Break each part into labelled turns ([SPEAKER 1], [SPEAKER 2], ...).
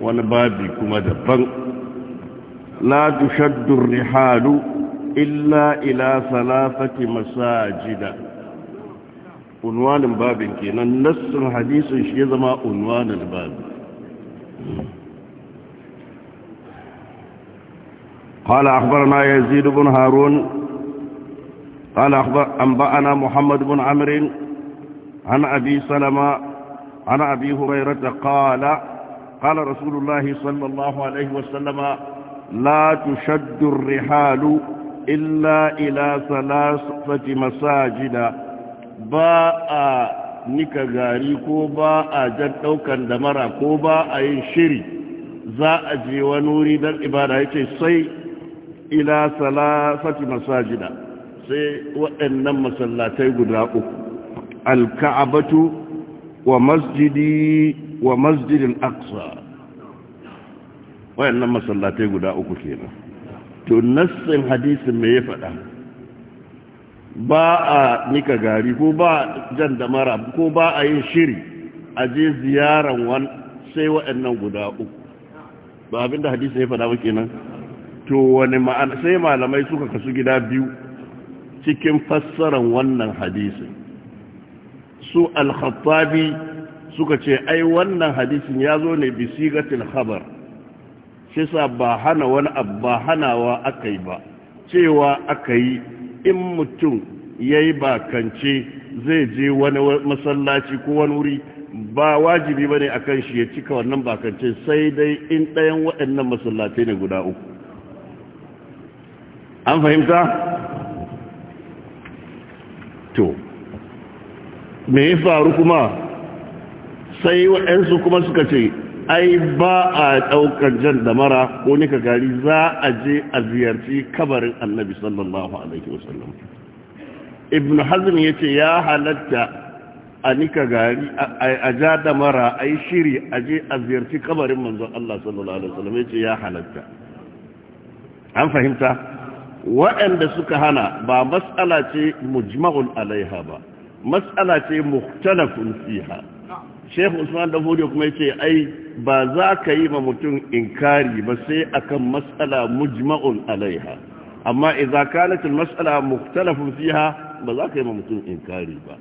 [SPEAKER 1] wani babi kuma daban la tushaddu rihalu illa ila salafati masajida unwanin babin kenan nassun hadisin shi zama unwanin babin قال أخبرنا يزيد بن هارون قال أخبر أنبأنا محمد بن عمرو عن أبي سلمة عن أبي هريرة قال قال رسول الله صلى الله عليه وسلم لا تشد الرحال إلا إلى ثلاثة مساجد باء نكغاري كوباء جدو كان دمرا كوباء شري زاء جي ونوري دل إبادة سي إلى ثلاثة مساجد سي وإنما صلاتي قد الكعبة ومسجدي wa masjidin aqsa nan masallatai guda uku kenan to nassin hadisin me ya faɗa ba a nika gari ko ba jan damara ko ba a yin shiri a je ziyaran wani sai waɗannan guda uku ba abinda hadisi ya faɗa ba kenan to wani ma'ana sai malamai suka kasu gida biyu cikin fassaran wannan hadisin su al-khattabi suka ce ai wannan hadisin ya zo ne bisigatil khabar shi sa ba hana wani abba hanawa aka yi ba cewa aka yi in mutum ya yi bakance zai je wani masallaci ko wani wuri ba wajibi ba ne a shi ya cika wannan bakance sai dai in ɗayan waɗannan masallatai ne guda uku an fahimta? to me ya faru kuma sai waɗansu kuma suka ce ai ba a ɗaukar jan damara ko nika gari za a je a ziyarci kabarin annabi sallallahu alaihi wasallam ibn hazm ya ce ya halatta a nika gari a ja damara a yi shiri a je a ziyarci kabarin manzon Allah sallallahu alaihi wasallam ya ce ya halatta an fahimta waɗanda suka hana ba matsala ce mujma'ul alaiha ba matsala ce muhtalafun fiha shehu usman da hudu kuma yace ai ba za ka yi ma mutum inkari ba sai akan mas'ala mujma'un alaiha amma idza kanat matsala masala fiha ba za ka yi ma mutum inkari ba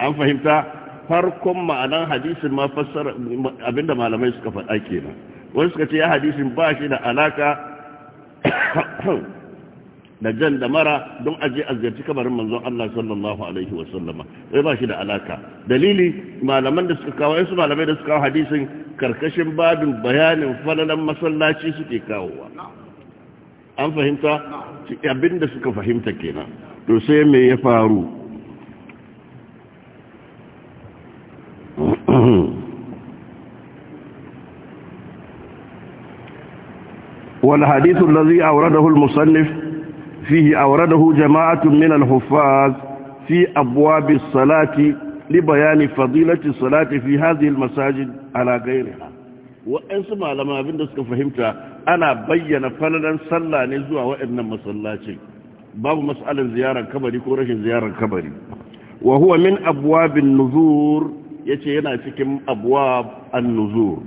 [SPEAKER 1] an fahimta farkon ma'anan hadisin ma fassara abinda malamai suka faɗa kenan wani suka ce ya hadisin ba shi da alaka da jan da mara don aje a ziyarci kamarin manzon Allah sallallahu alaihi wa sallama sai ba shi da alaka dalili malaman da suka kawo su malamai da suka kawo hadisin karkashin babin bayanin falalan masallaci suke kawowa an fahimta abin da suka fahimta kenan to sai me ya faru والحديث الذي أورده المصنف فيه أورده جماعة من الحفاظ في أبواب الصلاة لبيان فضيلة الصلاة في هذه المساجد على غيرها وإنس ما لما بندسك فهمت أنا بيّن فلنا صلى نزوى وإن مسلاتي باب مسألة زيارة كبري كورش زيارة كبري وهو من أبواب النذور يتينا تكم أبواب النذور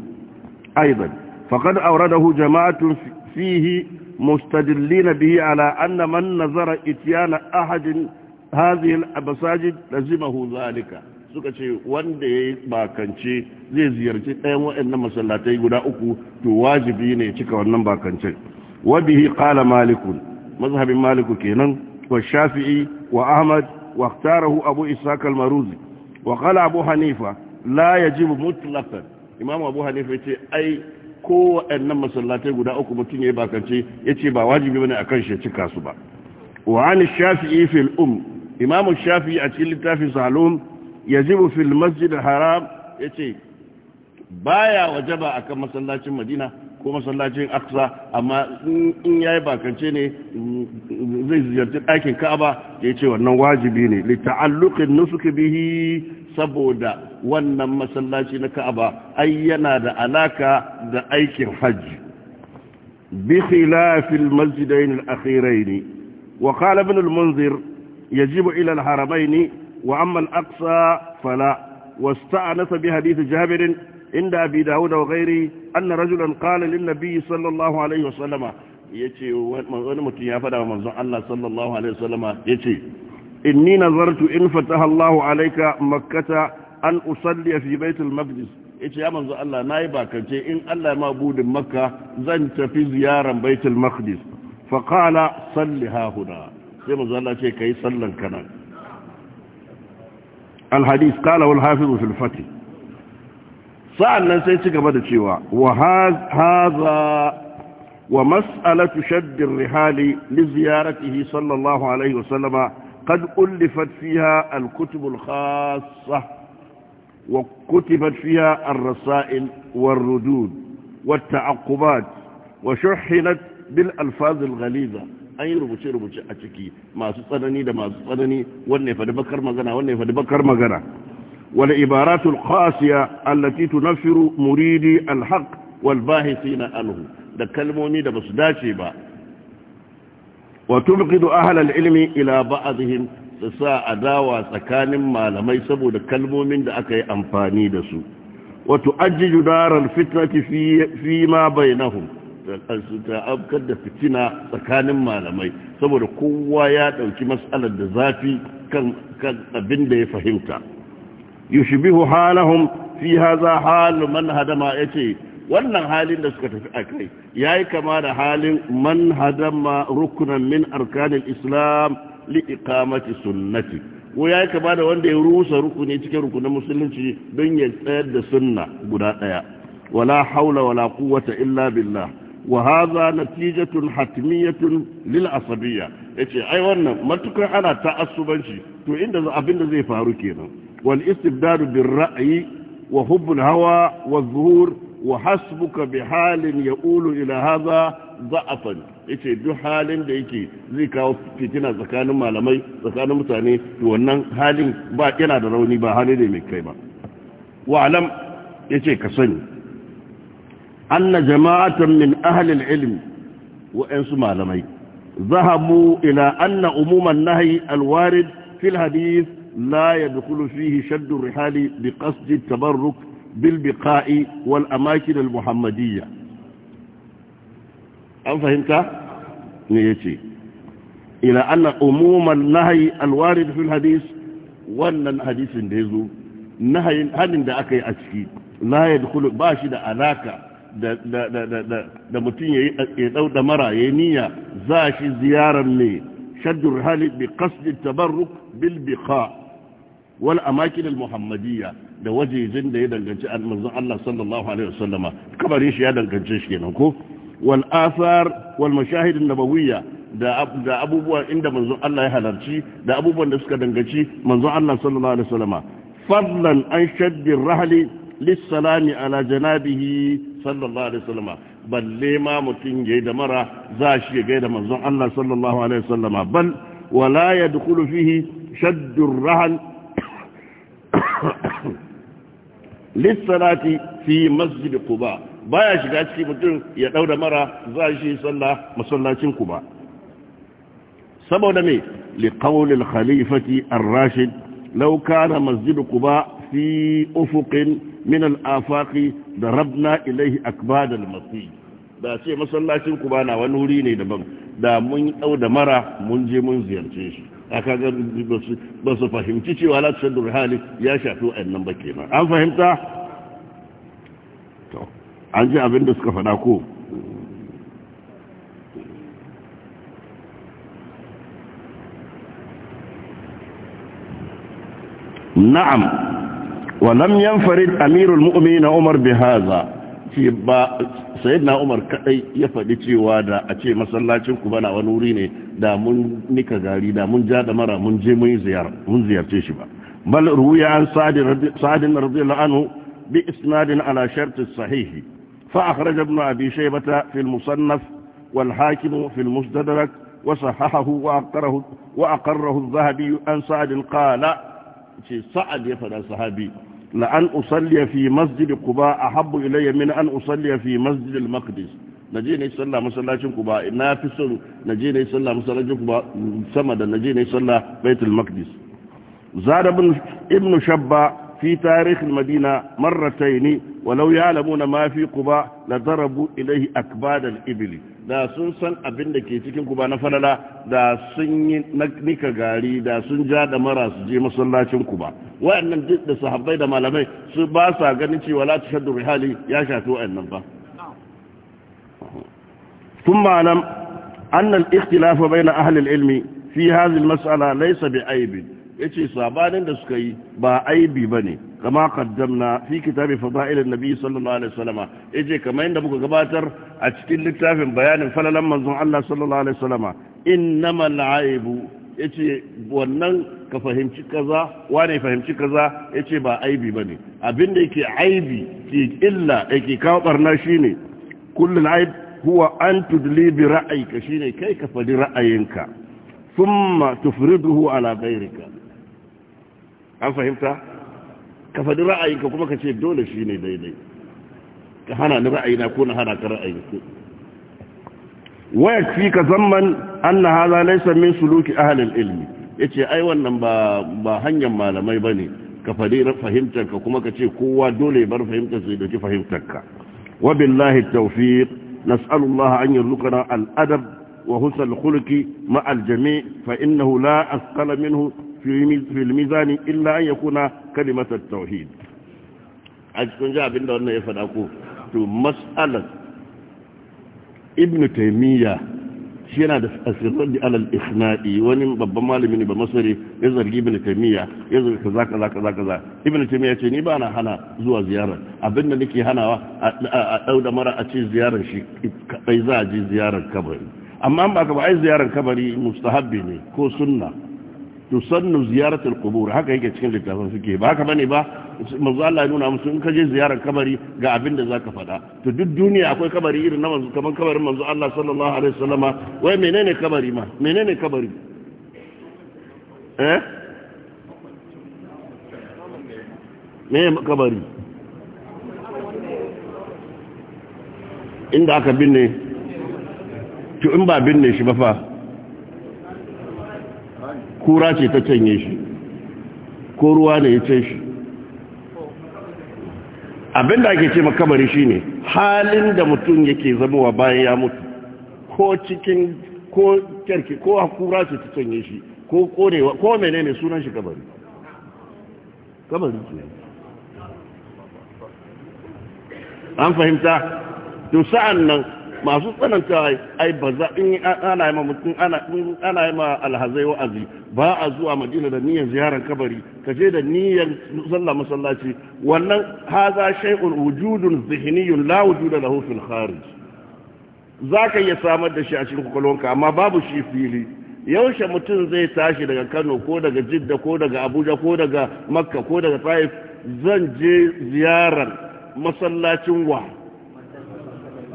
[SPEAKER 1] أيضا فقد أورده جماعة فيه مستدلين به على أن من نظر إتيان أحد هذه المساجد لزمه ذلك suka ce wanda ya bakance zai ziyarci ɗayan waɗannan masallatai guda uku to wajibi ne cika wannan bakance wabihi qala malikun mazhabin maliku kenan wa shafi'i wa ahmad wa ikhtarahu abu ishaq al-maruzi wa qala abu hanifa la yajibu mutlaqan imam abu hanifa yace ai kowa waɗannan masallatai guda uku mutum ya yi bakance ya ce ba wajibi bane akan shi cika su ba wani shafi'i fil um imamu shafi'i a cikin littafin salum yajibu fil masjid haram ya ce yace baya wajaba akan masallacin madina ko masallacin aqsa amma in yayi bakance ne zai ziyarci ɗakin ka'aba ya ce wannan wajibi ne li ta'alluqin nusuk bihi saboda wannan masallaci na ka'aba ai yana da alaka da aikin hajji bi khilafil masjidain al-akhirain wa qala ibn al-munzir yajibu ila al-haramain wa amma al-aqsa fala واستأنس بحديث جابر inda abi dawuda wa gairi anna rajulan qala lin nabiy sallallahu alaihi wasallama yace wani mutum ya fada wa manzon Allah sallallahu alaihi wasallama yace inni nazartu in fataha Allahu alayka makkata an usalli fi baitul maqdis yace ya manzon Allah nayi bakance in Allah ya mabudin makka zan tafi ziyaran baitul maqdis fa qala salli ha huna sai manzon Allah ce kai sallan kana al hadith qala wal hafiz fi al sa'annan sai ci gaba da cewa wa haza wa mas'alatu shaddir rihali li ziyaratihi sallallahu alaihi wasallama qad ullifat fiha al-kutub al-khassa wa kutibat fiha ar-rasail war-rudud wat-ta'aqqubat wa shuhinat bil alfaz al-ghaliza an yi rubuce-rubuce a ciki masu tsanani da masu tsanani wanne fa da bakar magana wanne fa da bakar magana والعبارات القاسية التي تنفر مريدي الحق والباحثين عنه ده كلموني ده بس داشي با وتبقد أهل العلم إلى بعضهم sa adawa tsakanin malamai saboda kalmomin da aka yi amfani da su wato ajiju darar fitnati fi ma bainahum ta abkar da fitina tsakanin malamai saboda kowa ya ɗauki matsalar da zafi kan abin da ya fahimta yushbihu halahum fi hadha hal man hadama yace wannan halin da suka tafi akai yayi kama da halin man hadama ruknan min arkanil islam li iqamati sunnati ko yayi kama da wanda ya rusa rukuni cikin rukunin musulunci don ya tsayar da sunna guda daya wala haula wala quwwata illa billah wa hadha natijatun hatmiyatun lil asabiyya yace ai wannan matukar ana ta'assubanci to inda abinda zai faru kenan والاستبداد بالرأي وحب الهوى والظهور وحسبك بحال يقول إلى هذا ضعفا yace duk halin da yake zai kawo fitina tsakanin malamai tsakanin mutane to wannan halin ba yana da rauni ba hali da mai kai ba wa alam yace ka sani anna jama'atan min ahli al-ilm wa ansu malamai zahabu ila anna umuman nahyi al-warid fi hadith لا يدخل فيه شد الرحال بقصد التبرك بالبقاء والأماكن المحمدية أم فهمت؟ نيتي إلى أن عموم النهي الوارد في الحديث وأن الحديث ديزو نهي هل دا أكي أتشكي لا يدخل باشي دا علاقة دا, دا, دا, دا, دا, دا متين niyya za shi ziyarar ne shaddun hali bi kasdin tabarruk bil wal amakin al-muhammadiyya da wajejin da ya danganci manzon Allah sallallahu alaihi wasallama kabarin shi ya danganci shi kenan ko wal athar wal mashahid an-nabawiyya da da abubuwa inda manzon Allah ya halarci da abubuwan da suka danganci manzon Allah sallallahu alaihi wasallama fadlan an shaddi rahli salami ala janabihi sallallahu alaihi wasallama balle ma mutum yayi da mara za shi ya gaida manzon Allah sallallahu alaihi wasallama bal wala yadkhulu fihi shaddu rahli lissalati fi masjid quba baya shiga cikin mutum ya daura mara za shi sallah masallacin quba saboda me li qawli al-khalifati ar-rashid law kana masjid quba fi ufuqin min al-afaqi darabna ilayhi akbad al-masjid da ce masallacin quba na wani wuri ne daban da mun dauda mara mun je mun ziyarce shi a kaga ba su fahimci cewa la tusaddu hali ya shafi wa'annan ba ke nan an fahimta to an ji abin da suka faɗa ko na'am wa lam Farid amirul na umar bihaza ba sayyidina umar kadai ya faɗi cewa da a ce masallacin ku bana wani wuri ne da mun nika gari da mun ja da mara mun je mun ziyar mun ziyarce shi ba bal ruya an sadin radiyallahu anhu bi isnadin ala shart sahih fa akhraj ibn abi shaybah fi al musannaf wal hakim fi al mustadrak wa sahahahu wa aqarrahu wa aqarrahu adh-dhahabi an sa'd qala ce sa'ad ya fada sahabi la'an usalliya fi masjid quba ahabbu ilayya min an usalliya fi masjid al-maqdis naje ne sallah masallacin quba na fi son naje ne sallah masallacin quba sama da naje ne sallah baitul maqdis shabba في تاريخ المدينة مرتين ولو يعلمون ما في قباء لضربوا إليه أكباد الإبل دا سنسن أبن كيتكم قباء نفللا دا سنين نكنيكا غاري دا سنجا دا مراس جي مصلاة قباء وأن جد صحبين ما لمي سباسا قنشي ولا تشد رحالي يا شاتو أن نبا ثم أعلم أن الاختلاف بين أهل العلم في هذه المسألة ليس بعيب yace sabanin da suka yi ba aibi bane kama qaddamna fi kitabi fada'il an-nabi sallallahu alaihi wasallam ce kamar yadda muka gabatar a cikin littafin bayanin falalan manzon Allah sallallahu alaihi wasallam innamal aibu ce wannan ka fahimci kaza wane fahimci kaza yace ba aibi bane abinda yake aibi ke illa yake kawo barna shine kullun aib huwa an tudli bi ra'ayka shine kai ka fadi ra'ayinka thumma tufriduhu ala ghayrika an fahimta ka faɗi ra'ayinka kuma ka ce dole shi ne daidai ka hana ni ra'ayina ko na hana ka ra'ayinka waya fi ka zamman an na haza laisa min suluki ahalin ilmi ya ce ai wannan ba hanyar malamai ba ne ka faɗi fahimtarka kuma ka ce kowa dole bar fahimtar su doki fahimtarka wabillahi tawfiq nas'alullah an yarzuqana al-adab وحسن الخلق مع الجميع فإنه لا أثقل منه في الميزان إلا أن يكون كلمة التوحيد أجل جاء بنا أن يفدقوا مسألة ابن تيمية shi yana da asirar da alal ikhna'i wani babban malami ne ba masari ya zargi ibn taymiya ya zargi kaza kaza kaza ibn taymiya ce ni bana hana zuwa ziyarar Abinda da nake hanawa a mara a ce ziyarar shi kadai za a je ziyarar kabari amma ba ka ba ai ziyarar kabari mustahabbi ne ko sunna to sannu ziyaratul qubur haka yake cikin littafin suke ba haka bane ba manzo Allah ya nuna musu in ka je ziyarar kabari ga abin da zaka faɗa to duk duniya akwai kabari irin na manzo kaman kabarin manzo Allah sallallahu alaihi wasallama wai menene kabari ma menene kabari eh me kabari inda aka binne to in ba binne shi ba fa kura ce ta canye shi ko ruwa ne ya ce shi abin da ake ce makamari ne halin da mutum yake zamowa bayan ya mutu ko cikin ko kyarki ko kura ce ta canye shi ko korewa ko mene ne sunan shi kabari kabari ce
[SPEAKER 2] an fahimta
[SPEAKER 1] to sa'an nan masu tsananta ai ba za in ana yi ma mutum ana yi ma alhazai wa'azi ba a zuwa madina da niyyar ziyarar kabari ka je da niyyar sallah masallaci wannan haza shay'un wujudun zihniyun la wujuda lahu fil kharij ka iya samar da shi a cikin kwakwalwanka amma babu shi fili yaushe mutum zai tashi daga Kano ko daga Jidda ko daga Abuja ko daga Makka ko daga Taif zan je ziyarar masallacin wa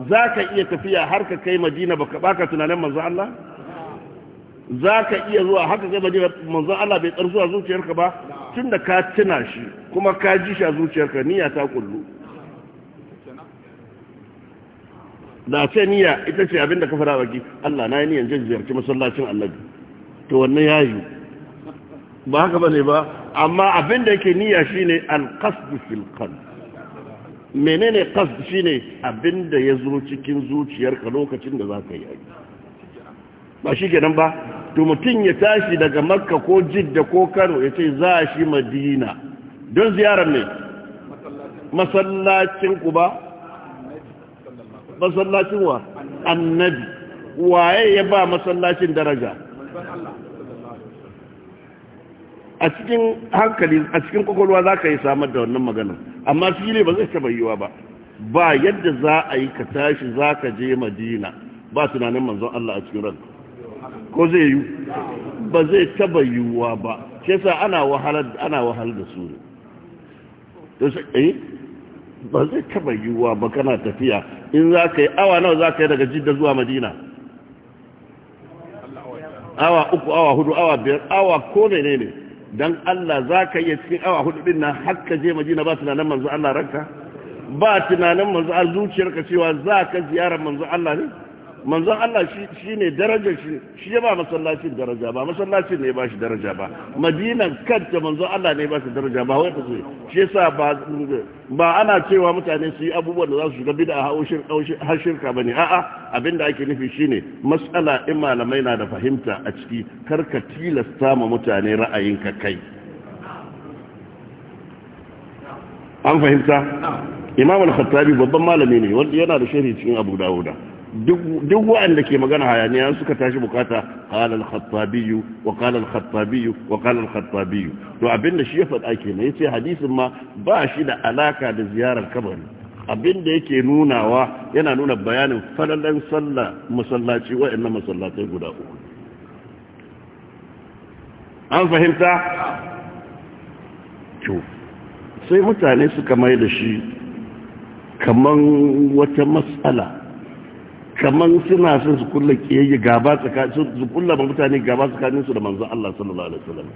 [SPEAKER 1] za ka iya tafiya har ka kai madina ba ka tunanin manzan Allah za ka iya zuwa haka kai madina manzan Allah bai tsarsu a zuciyarka ba tun da ka tuna shi kuma ka ji shi a zuciyarka niyya ta kullu da ce niyya ita ce abinda ka fara baki Allah na yi niyyan jin ziyarci masallacin Allah to wannan ya yi ba haka ba ne ba amma abinda yake niyya shine alqasd fil qalb menene qasd shine abinda ya zo cikin zuciyarka lokacin da zaka yi aiki ba shikenan ba to mutum ya tashi daga makka ko jidda ko kano ya ce za shi madina don ziyarar ne masallacin ku masallacin wa annabi waye ya ba masallacin daraja a cikin hankali a cikin kwakwalwa za ka yi samar da wannan magana amma fili ba zai taba yiwa ba ba yadda za a yi ka tashi za ka je madina ba tunanin manzon Allah a cikin ranka ko zai yi ba zai taba yiwa ba ke sa ana wahalar da su ne eh? ba zai taba yiwa ba kana tafiya in za ka yi awa nawa za ka yi daga jidda zuwa madina awa uku awa hudu awa biyar awa ko ne ne dan Allah za ka iya cikin awa hudu din nan har ka je Madina ba tunanin manzo Allah ranka ba tunanin manzo Allah zuciyarka cewa za ka ziyarar manzo Allah ne manzon Allah shi ne daraja shi shi ya ba masallacin daraja ba masallacin ne ba shi daraja ba madinan kanta manzon Allah ne ba shi daraja ba wai kace shi yasa ba ba ana cewa mutane su yi abubuwan da za su shiga bid'a hawo shirka har shirka bane a'a abinda ake nufi shine mas'ala in malamai na da fahimta a ciki kar ka tilasta ma mutane ka kai an fahimta
[SPEAKER 2] imam al-khattabi
[SPEAKER 1] babban malami ne wanda yana da sharhi cikin abu dawuda duk waɗanda ke magana hayaniya suka tashi bukata qala al wa qala al wa qala al to abinda shi ya faɗa kenan yace hadisin ma ba shi da alaka da ziyarar kabari abinda yake nunawa yana nuna bayanin falalan sallah masallaci inna masallatai guda uku an fahimta to sai mutane suka mai da shi kaman wata matsala kamar suna son su kulla kiyayya gaba tsakanin su kulla ba mutane gaba tsakanin su da manzo Allah sallallahu alaihi wasallam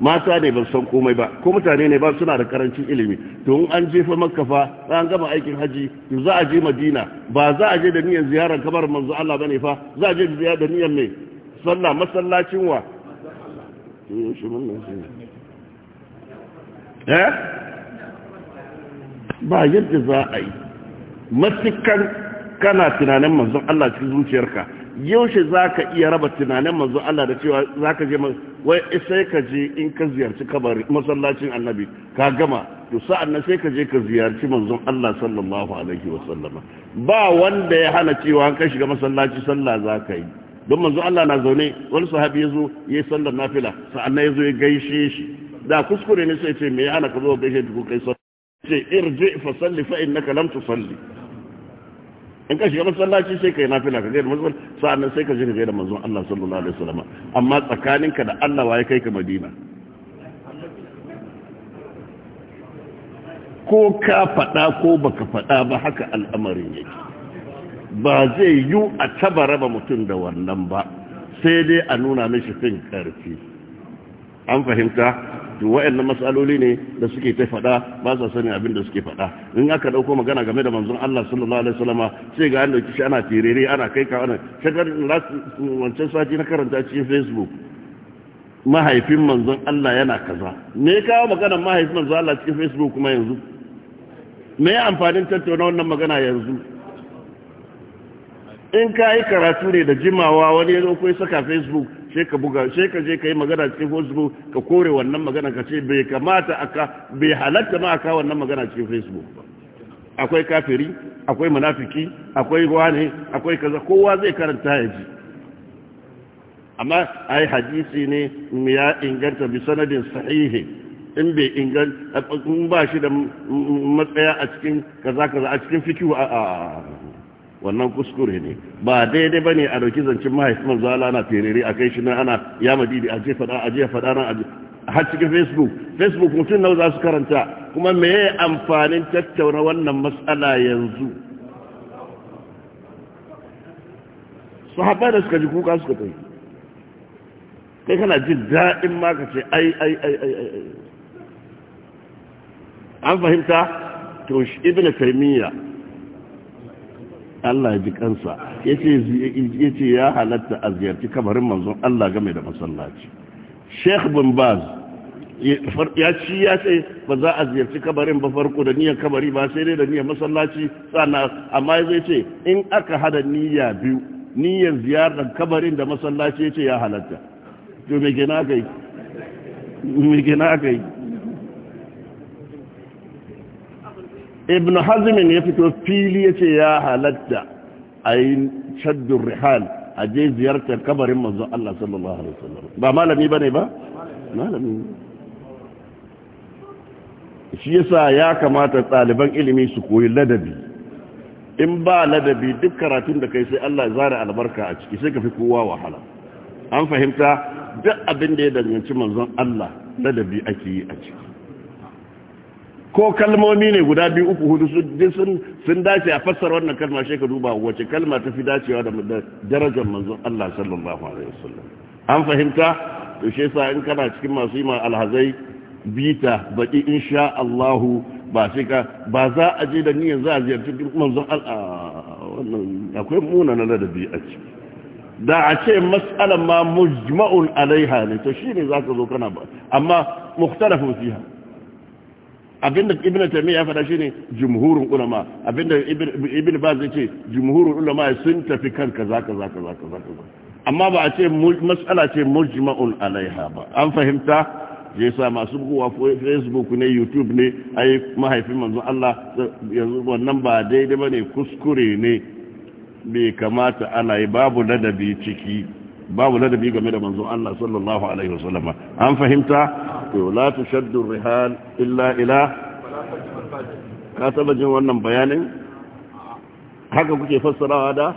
[SPEAKER 1] mata ne ba san komai ba ko mutane ne ba suna da karancin ilimi to in an jefa makka fa an gama aikin haji to za a je madina ba za a je da niyyar ziyarar kamar manzo Allah bane fa za a je da ziyarar da niyyar ne sallah masallacin wa eh ba yadda za a yi matukan kana tunanin manzon Allah cikin zuciyarka yaushe za ka iya raba tunanin manzon Allah da cewa za ka je wai sai ka je in ka ziyarci kabari masallacin annabi ka gama to sa'an nan sai ka je ka ziyarci manzon Allah sallallahu alaihi sallama ba wanda ya hana cewa an kai shiga masallaci sallah ka yi don manzo Allah na zaune wani sahabi ya zo ya yi sallar nafila sa'annan ya zo ya gaishe shi da kuskure ne sai ce me ana ka zo gaishe duk kai sallar ce irji fa salli fa innaka lam tusalli in ka shiga masallaci sai kai nafila ka gaida masallaci sa'annan sai ka je ka gaida manzon Allah sallallahu alaihi wasallam amma tsakaninka da Allah waye kai ka Madina ko ka faɗa ko baka faɗa ba haka al'amarin yake ba zai yu a taba raba mutum da wannan ba sai dai a nuna mishi fin ƙarfi an fahimta to wa'annan masaloli ne da suke ta fada ba sa sani abin da suke fada in aka dauko magana game da manzon Allah sallallahu alaihi wasallama sai ga an dauki shi ana tirere ana kai ka ana shagar wancan sati na karanta cikin Facebook mahaifin manzon Allah yana kaza me ya kawo maganar mahaifin manzon Allah cikin Facebook kuma yanzu me ya amfanin tattauna wannan magana yanzu in ka yi karatu ne da jimawa wani ya zo ya saka Facebook sai ka buga sai ka je ka yi magana cikin facebook ka kore wannan magana ka ce bai kamata aka bai halatta ma aka wannan magana cikin facebook ba akwai kafiri akwai munafiki akwai wani akwai kaza kowa zai karanta ya ji amma ai hadisi ne ya inganta bi sanadin sahihi in bai inganta in ba shi da matsaya a cikin kaza kaza a cikin fikihu a wannan kuskure ne ba daidai ba ne a dauki zancen mahaifin manzo Allah na terere a kai shi nan ana ya madidi a je fada a je fada nan a har cikin facebook facebook mutum nawa za su karanta kuma me ya amfanin tattauna wannan matsala yanzu sahabbai da suka ji kuka suka tafi kai kana jin daɗin ma ka ce ai ai ai ai an fahimta to ibnu taymiya Allah ya ji kansa yace ya halatta a ziyarci kabarin manzon Allah game da masallaci Sheikh bin Baz ya ci ya ce ba za a ziyarci kabarin ba farko da niyan kabari ba sai dai da niyan masallaci sana amma ya ce in aka hada niyya biyu niyan ziyarar kabarin da masallaci ya ce ya halatta to me gina aka yi ibn hazmin ya fito fili ya ce ya halatta a yi shaddun rihal a je ziyartar kabarin manzon Allah sallallahu alaihi wasallam ba malami bane ba malami shi yasa ya kamata ɗaliban ilimi su koyi ladabi in ba ladabi duk karatun da kai sai Allah ya zara albarka a ciki sai ka fi kowa wahala an fahimta duk abin da ya danganci manzon Allah ladabi ake yi a ciki ko kalmomi ne guda biyu uku hudu sun dace a fassara wannan kalma shi ka duba wace kalma ta fi dacewa da darajar manzon Allah sallallahu alaihi wasallam an fahimta to shi yasa in kana cikin masu yi alhazai bita baki insha Allah ba sai ka ba za a je da niyyar za a ziyarci manzon Allah wannan akwai muna na ladabi a ciki da a ce mas'alan ma mujma'un alaiha ne to shine zaka zo kana ba amma mukhtalafun fiha abinda ibn taymiya ya faɗa shine jumhurul ulama abinda ibn baz ce jumhurul ulama sun tafi kan kaza kaza kaza kaza amma ba a ce mas'ala ce mujma'un alaiha ba an fahimta je sa masu buwa facebook ne youtube ne ai mahaifin manzo Allah yanzu wannan ba daidai bane kuskure ne bai kamata ana yi babu ladabi ciki babu ladabi game da manzon Allah sallallahu alaihi wasallam an fahimta to la tushaddu rihal illa ila ka taba jin wannan bayanin haka kuke fassarawa da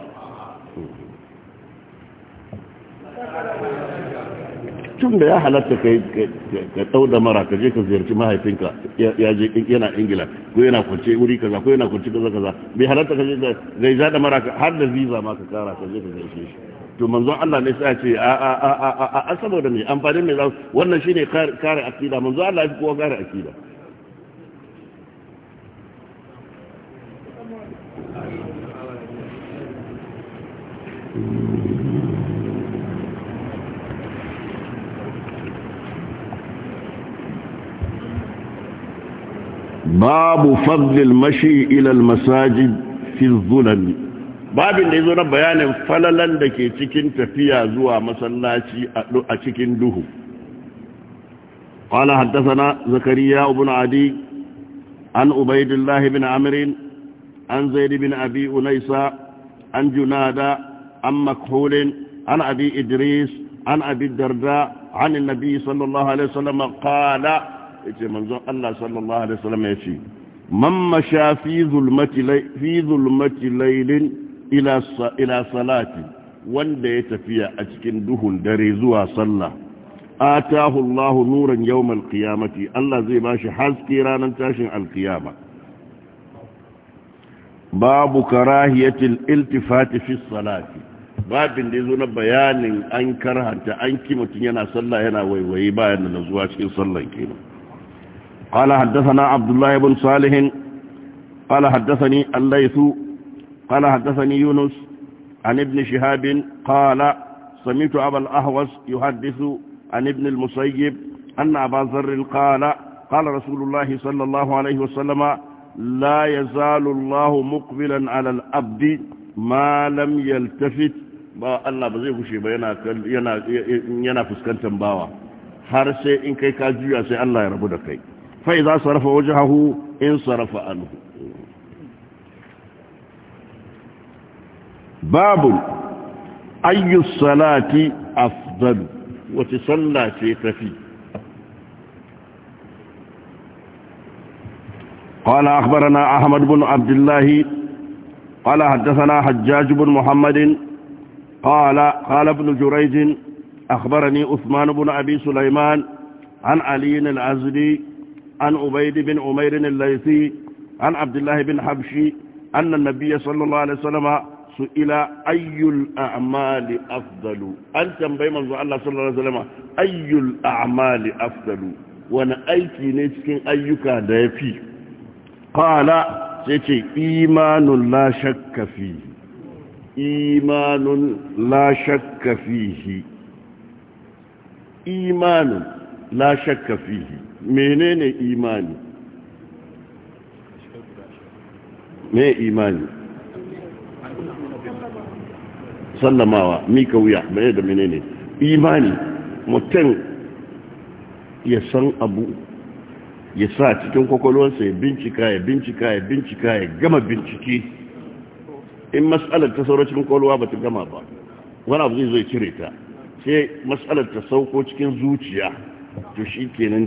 [SPEAKER 1] tun da ya halatta kai ka tau da mara ka je ka ziyarci mahaifinka ya je yana ingila ko yana kwanci wuri kaza ko yana kwanci kaza kaza bai halatta ka je ka zai zaɗa mara har da ziza ma ka kara ka je ka ziyarci shi to manzon Allah ne sai ce a a a a a a saboda me amfani me za wannan shine kare akida manzon Allah ya fi kowa kare akida al-mashi ila al-masajid fi al الظلم babin da ya zo na bayanin falalan da ke cikin tafiya zuwa masallaci a cikin duhu ƙwala haddasa zakariya ibn adi an ubaidillah ibn amirin an zaid ibn abi unaisa an junada an makhulin an abi idris an abi darda an nabi sallallahu alaihi wasallam qala yace manzon Allah sallallahu alaihi wasallam yace man masha fi zulmati fi zulmati laylin ila salati wanda ya tafiya a cikin duhun dare zuwa sallah atahu Allahu nuran yawmal qiyamati Allah zai bashi haske ranar tashin alkiyama babu karahiyatil iltifati fi salati babin da yazo na bayanin an karhanta an ki mutun yana sallah yana waiwaye bayan da zuwa cikin sallan kenan qala haddathana abdullah ibn salih qala haddathani al قال حدثني يونس عن ابن شهاب قال سمعت أبا الأهوس يحدث عن ابن المسيب أن أبا ذر قال قال رسول الله صلى الله عليه وسلم لا يزال الله مقبلا على الأبد ما لم يلتفت ba Allah ba zai kushe ba yana fuskantar bawa har sai in kai ka juya sai Allah ya rabu da kai fa idza sarafa wajhahu in sarafa anhu باب أي الصلاة أفضل وتصلى في قال أخبرنا أحمد بن عبد الله قال حدثنا حجاج بن محمد قال قال ابن جريج أخبرني أثمان بن أبي سليمان عن علي العزلي عن عبيد بن عمير الليثي عن عبد الله بن حبشي أن النبي صلى الله عليه وسلم su ila ayyul a'mali afdalu an tambayi manzo Allah sallallahu alaihi wasallam ayyul a'mali afdalu wani aiki ne cikin ayyuka da yafi qala sai ce imanun la shakka fihi imanun la shakka fihi imanun la shakka fihi menene imani me imani sallamawa mika wuya mai da menene imani mutum ya san abu ya sa cikin kwakwalwarsa ya bincika ya bincika ya bincika ya gama bincike in matsalar ta sauro cikin kwakwalwa ba ta gama ba wani abu zai ya cire ta sai matsalar ta sauko cikin zuciya to shi kenan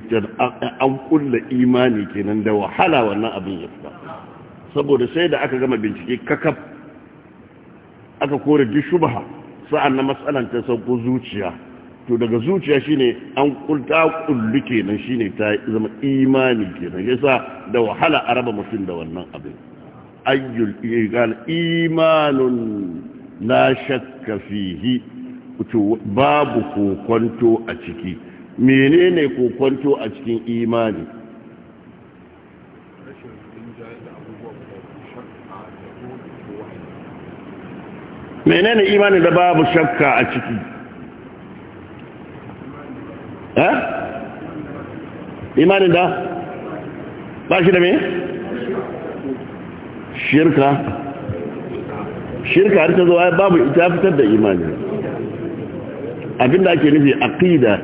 [SPEAKER 1] an kulla imani kenan da wahala wannan abin ya fita saboda sai da aka gama bincike kakaf aka kore duk shubha sa'an na matsalan ta sauko zuciya to daga zuciya shine an kulta kullu kenan shine ta zama imani kenan yasa da wahala a raba mutum da wannan abin ayyul iqal imanun la shakka fihi babu kokonto a ciki menene kokonto a cikin imani
[SPEAKER 2] menene imanin da babu shakka a
[SPEAKER 1] ciki ha eh? imanin da ba shi da me shirka shirka har ta zo babu ita fitar da imani abinda ake nufi aqida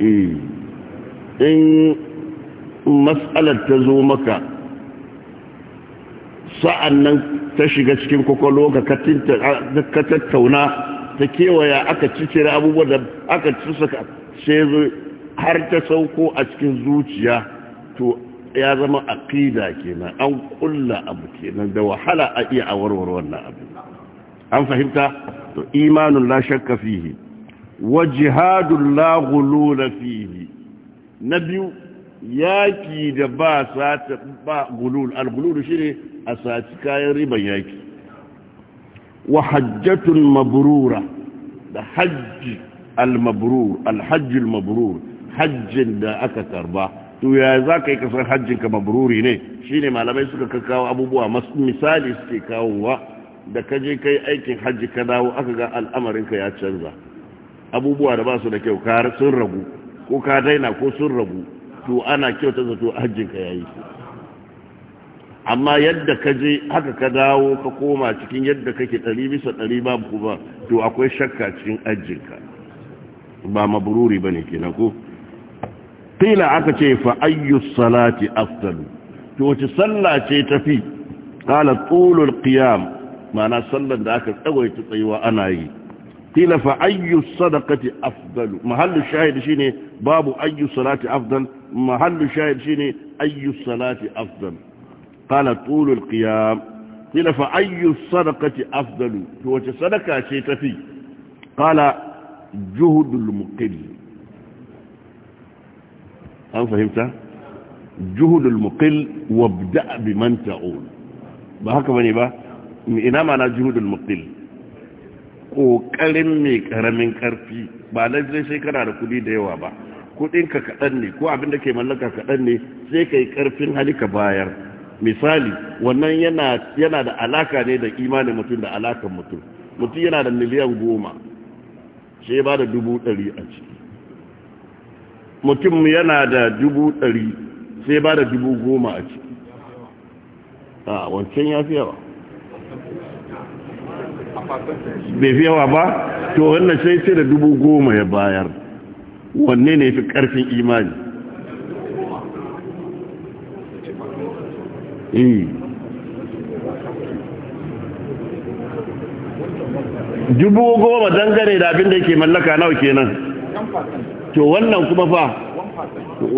[SPEAKER 1] eh. in mas'alar ta zo maka sa'an nan ta shiga cikin kwakwalo ka tattauna ta kewaya aka cicira abubuwan da aka cisuka har ta sauko a cikin zuciya to ya zama aƙida kenan an ƙulla abu kenan da wahala a iya a warware wannan abu an fahimta to imanun la shakka fihi wa jihadun la gulula fihi na biyu yaki da ba sata ba gulul al-gulul shine a saci kayan riban yaki wa hajjatun mabrura da hajji al-mabrur al-hajji al-mabrur hajjin da aka karba to ya za ka yi kasar hajjin ka mabruri ne shine malamai suka kawo abubuwa misali suke kawowa da ka je kai aikin hajji ka dawo aka ga al'amarin ka ya canza abubuwa da ba su da kyau ka sun ragu ko ka daina ko sun ragu to ana kyauta zato hajjin ka yayi amma yadda ka je haka ka dawo ka koma cikin yadda kake ɗari bisa ɗari babu kuma to akwai shakka cikin ajinka ba mabururi ba ne kenan ku? tila aka ce fa ayyu salati afdalu to wace sallah ce tafi kala tulul qiyam mana sallan da aka ta tsayuwa ana yi fa فأي sadaqati أفضل mahallu shahid shine babu أي salati afdal mahallu shahid shine ayyus salati afdal قال طول القيام قيل فأي الصدقة أفضل وتصدقة شيء تفي قال جهد المقل هل فهمت جهد المقل وابدأ بمن تعول بهكذا نبا ina mana juhudul Ƙoƙarin mai ƙaramin karfi ba lalle sai kana da kudi da yawa ba kudin kaɗan ne ko abin da ke mallaka kaɗan ne sai kai karfin hali ka bayar misali wannan yana yana da alaka ne da imanin mutum da alakan mutum mutum yana da miliyan goma sai ba da dubu ɗari a ciki mutum yana da dubu ɗari sai ba da dubu goma a ciki a wancan ya fi yawa bai fi yawa ba to wannan sai sai da dubu goma ya bayar wanne ne fi ƙarfin imani eh
[SPEAKER 2] dubu goma dangane da abin da yake mallaka nawa kenan
[SPEAKER 1] to wannan kuma fa 1%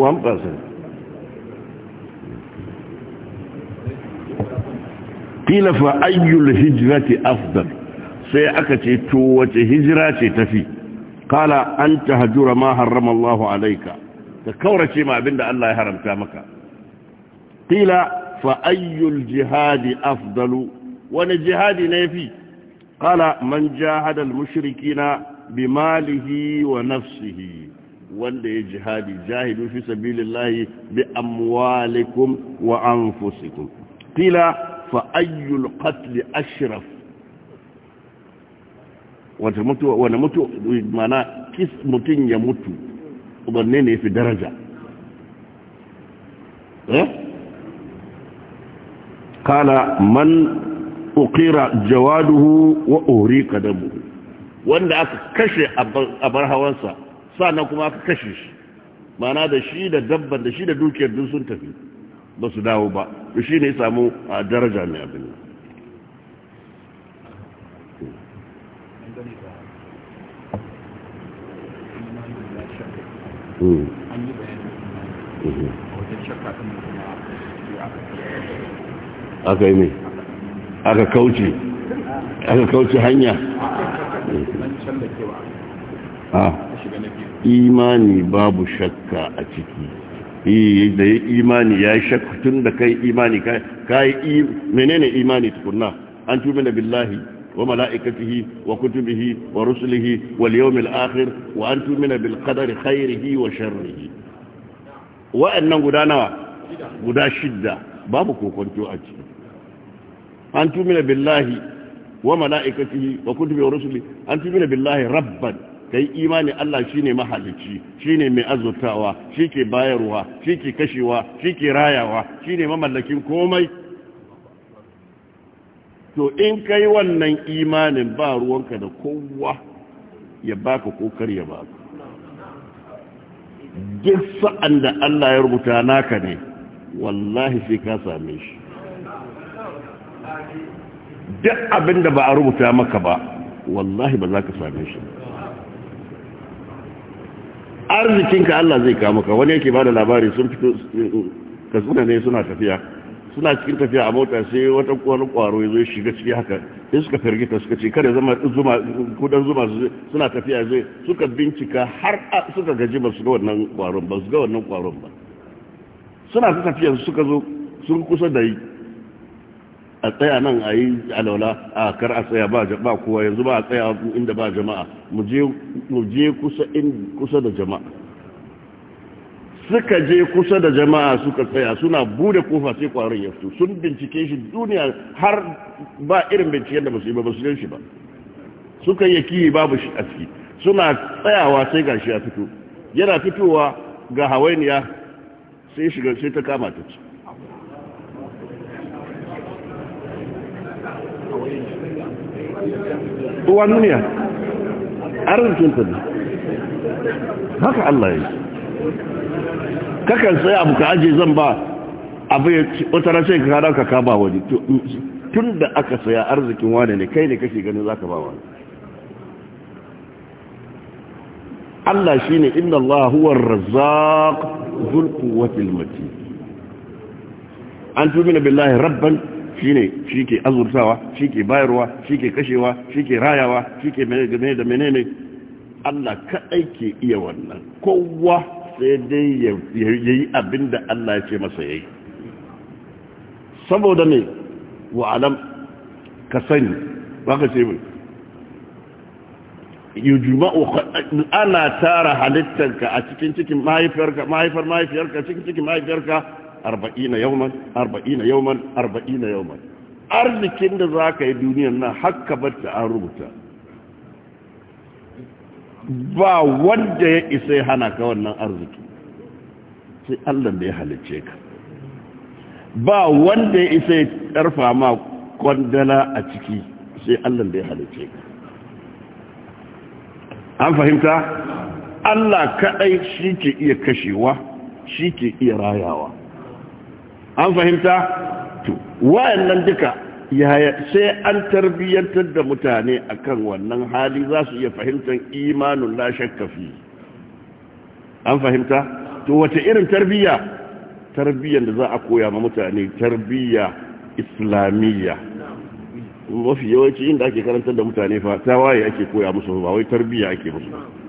[SPEAKER 1] kila fa ayyul hijrati afdal sai aka ce to wace hijira ce tafi kala an tahjura ma harrama Allah alayka ka kaurace ma abinda Allah ya haramta maka kila fa’ayyul jihadi afdalu wani jihadi na fi ƙala man jihadar mashiriki na bi malihi wa nafsihi wanda ya jihadi jahidu fi sabilin lahi bi amwalikum wa an fusikun ƙila fa’ayyul ƙatli ashiraf wata mutu wani mutu mana kis mutum ya mutu ubanne ne fi daraja eh kala man uqira jawaduhu wa uhriqa damuhu wanda aka kashe abar hawansa sannan kuma aka kashe shi mana da shi da dabban da shi da dukiyar duk sun tafi ba su dawo ba to shi ne samu a daraja mai abin an yi bayanin a
[SPEAKER 2] wajen shakka ɗin
[SPEAKER 1] aka yi mai aka kauce aka kauce hanya imani babu shakka a ciki da ya imani ya shakka tun da kai imani ka yi menene imani tukunna an tumi da billahi wa mala'ikatihi wa kutubihi wa rusulihi wa liyomil akhir wa an tumi da bilkadari khairihi wa sharrihi wa'annan guda nawa guda shidda babu kokonto a ciki an tumina billahi wa mala'ikatihi wa kutubi wa rusuli an tumina billahi rabban kai imani Allah shine mahalicci shine mai azurtawa shike bayarwa shike kashewa shike rayawa shine mamallakin komai to in kai wannan imanin ba ruwanka da kowa ya baka ko kar ya baka duk sa'an da Allah ya rubuta naka ne wallahi sai ka same shi duk abin da ba a rubuta maka ba wallahi ba za ka same shi
[SPEAKER 2] arzikinka Allah zai kawo
[SPEAKER 1] maka wani yake ba da labari sun fito suna ne suna tafiya suna cikin tafiya a mota sai wata kwanu kwaro ya zo shiga ciki haka sai suka firgita suka ce kada zama zuma kudan zuma suna tafiya zai suka bincika har suka gaji ba su ga wannan kwaron ba su ga wannan kwaron ba suna ta tafiya suka zo sun kusa da yi a tsaya nan a yi alaula a kar a tsaya ba kowa yanzu ba a tsaya inda ba jama'a mu je kusa da jama'a suka je kusa da jama'a suka tsaya suna bude kofa sai kwarin ya fito sun bincike shi duniya har ba irin binciken da ba su yi ba ba su shi ba suka yi kiyi babu shi a ciki suna tsayawa sai gashi ya fito yana fitowa ga hawainiya sai shiga sai ta kama ta ci tuwa duniya arzikin ta ne haka Allah ya yi kakan sai abu ka ajiye zan ba abu ya wata rashe ka kada ka kaba wani mm, tun da aka saya arzikin wane ne kai ne kashi ganin za ka ba wani Allah shi ne inda Allah huwar razzaq zulkuwatil mati an tumina billahi rabban shine shike azurtawa shike bayarwa shike kashewa shike rayawa shike menene da menene Allah ka aike iya wannan kowa sai dai ya yi abinda Allah ya ce masa yayi saboda ne wa alam ka sani baka ce mai yujma'u ana tara halittarka a cikin cikin mahaifiyarka mahaifar mahaifiyarka cikin cikin mahaifiyarka arba'ina yawman arba'ina yawman arba'ina yawman arzikin da za ka yi duniyar nan haka ta an rubuta ba wanda ya isa ya hana ka wannan arziki sai allon da ya halicce ka ba wanda ya isa ya ƙarfa ma kwandala a ciki sai allon da ya halicce ka an fahimta allah kaɗai shi ke iya kashewa shi ke iya rayawa an fahimta to wayannan duka sai an tarbiyyantar da mutane akan wannan hali za su iya fahimtar imanin la shakka fi an fahimta to wace irin tarbiyya tarbiyyar da za a koya ma mutane tarbiyya islamiyya mafi yawanci inda ake karantar da mutane fa ta waye ake koya musu ba wai tarbiyya ake musu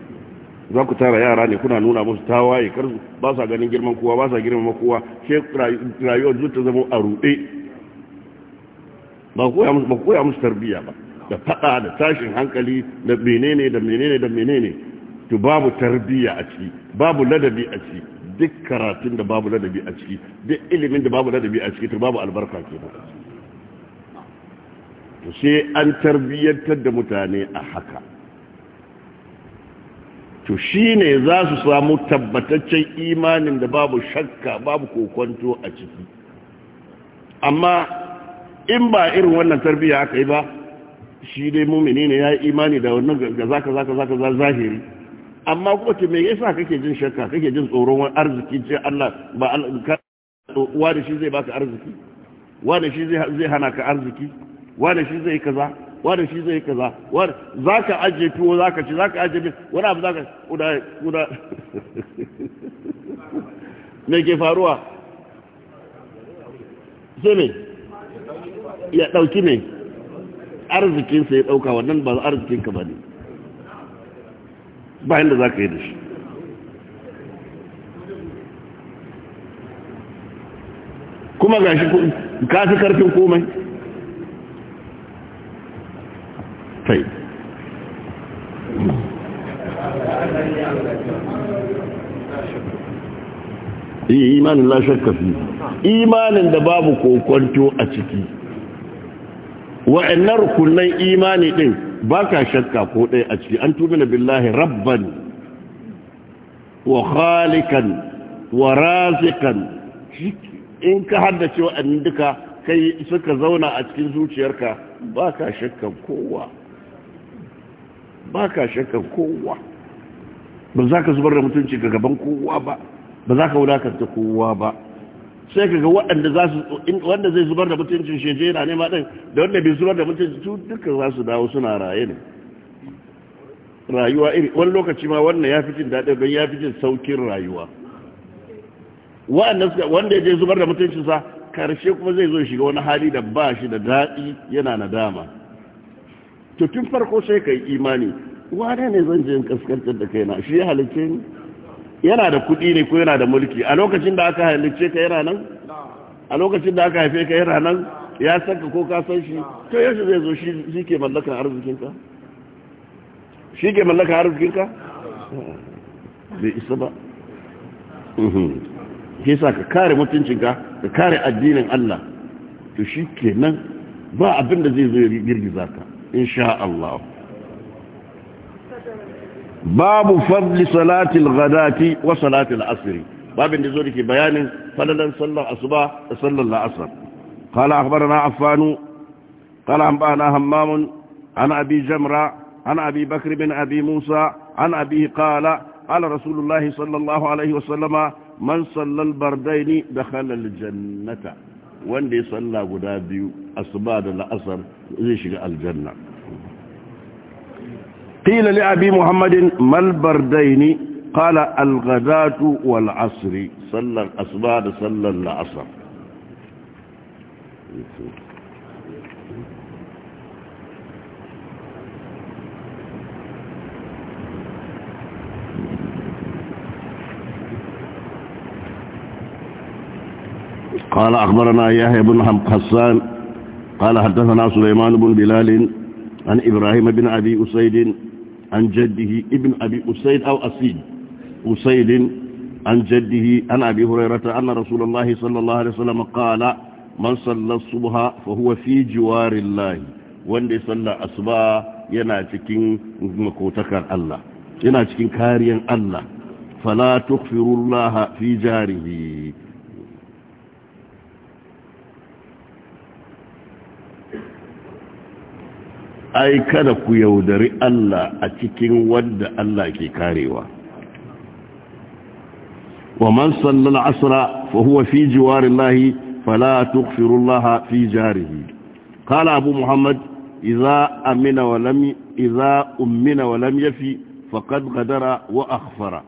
[SPEAKER 1] za ku tara yara ne kuna nuna musu tawaye kar ba sa ganin girman kowa ba sa girman kowa sai rayuwar zuta zama a ruɗe ba ku koya musu tarbiyya ba da fada da tashin hankali da menene da menene da menene to babu tarbiyya a ciki babu ladabi a ciki duk karatun da babu ladabi a ciki duk ilimin da babu ladabi a ciki to babu albarka kenan to sai an tarbiyyantar da mutane a haka to shi ne za su samu tabbataccen imanin da babu shakka babu kokwanto a ciki amma in ba irin wannan tarbiyya aka yi ba shi dai mummini ne ya yi imani da wannan ga zaka zaka zaka za zahiri amma kuma ce me yasa kake jin shakka kake jin tsoron wani arziki ce Allah ba Allah wani shi zai baka arziki wani shi zai hana ka arziki wani shi zai kaza wani shi zai kaza wani za ka ajiye tuwo za ka ci za ka ajiye min wani abu za ka kuda kuda me ke faruwa sai me
[SPEAKER 2] ya ɗauki me
[SPEAKER 1] arzikinsa ya ɗauka wannan ba arzikinka ba ne bayan da za ka yi da shi kuma ga shi ka fi karfin komai imanin lashar kafi imanin da babu kokwanto a ciki wa'annan rukunan imani din ba ka shakka ko ɗaya a ciki an tumina billahi rabban wa khalikan wa razikan in ka haddace wa'annan duka kai suka zauna a cikin zuciyarka ba ka shakkan kowa ba ka shakkan kowa ba za ka zubar da mutunci ga gaban kowa ba ba za ka wulakanta kowa ba sai ka ga waɗanda za su wanda zai zubar da mutuncin shejera ne ma ɗin da wanda bai zubar da mutuncin su duka za su dawo suna raye ne rayuwa iri wani lokaci ma wannan ya fi jin daɗin don ya fi jin saukin rayuwa wanda ya je zubar da mutuncinsa karshe kuma zai zo shiga wani hali da ba shi da daɗi yana nadama to tun farko sai ka yi imani wane ne zan je kaskantar da kaina shi ya halicce ni yana da kuɗi ne ko yana da mulki a lokacin da aka halicce ka yana nan a lokacin da aka haife ka yana nan ya saka ko ka san shi to yaushe zai zo shi ke mallakar arzikinka shi ke mallakar arzikinka bai isa ba ke mhm. sa ka kare mutuncinka ka kare addinin Allah to shi kenan ba abin da zai zo ya girgiza ka insha Allah babu fadli salatil ghadati wa salatil asiri babin da zo ke bayanin fadalan sallar asuba da sallar la'asar qala akhbarana affanu qala anbana hammam an abi jamra an abi bakr bin abi musa an abi qala ala rasulullahi sallallahu alaihi wasallama man sallal bardaini dakhala jannata wanda ya salla guda biyu asuba da la'asar zai shiga aljanna قيل لأبي محمد ما البردين قال الغداة والعصر صلى الأصباد صلى العصر قال أخبرنا يحيى بن حسان قال حدثنا سليمان بن بلال عن إبراهيم بن أبي أسيد عن جده ابن أبي أسيد أو أسيد أسيد عن جده عن أبي هريرة أن رسول الله صلى الله عليه وسلم قال من صلى الصبح فهو في جوار الله وان صلى أصبع يناتكين مكوتكر الله يناتكين كاريا الله فلا تغفر الله في جاره ai kada ku yaudari Allah a cikin wanda Allah ke karewa wa man sallal asra fa huwa fi jiwarillahi fala tughfiru Allah fi jarihi qala abu muhammad idza amina wa lam idza ummina wa lam yafi faqad ghadara wa akhfara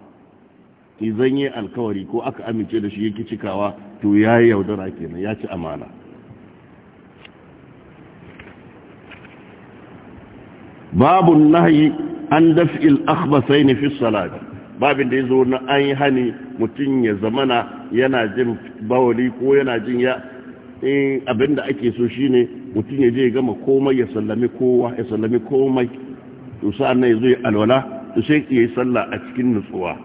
[SPEAKER 1] idan yi alkawari ko aka amince da shi yake cikawa to yayi yaudara kenan ya ci amana babu nahyi an daf'il akhbasaini fi salati babu da yazo na an yi hani mutun ya zamana yana jin bawali ko yana jin ya in ake so shine mutum ya je ya gama komai ya sallami kowa ya sallami komai to sa'an nan yazo ya alwala to sai ya yi sallah a cikin nutsuwa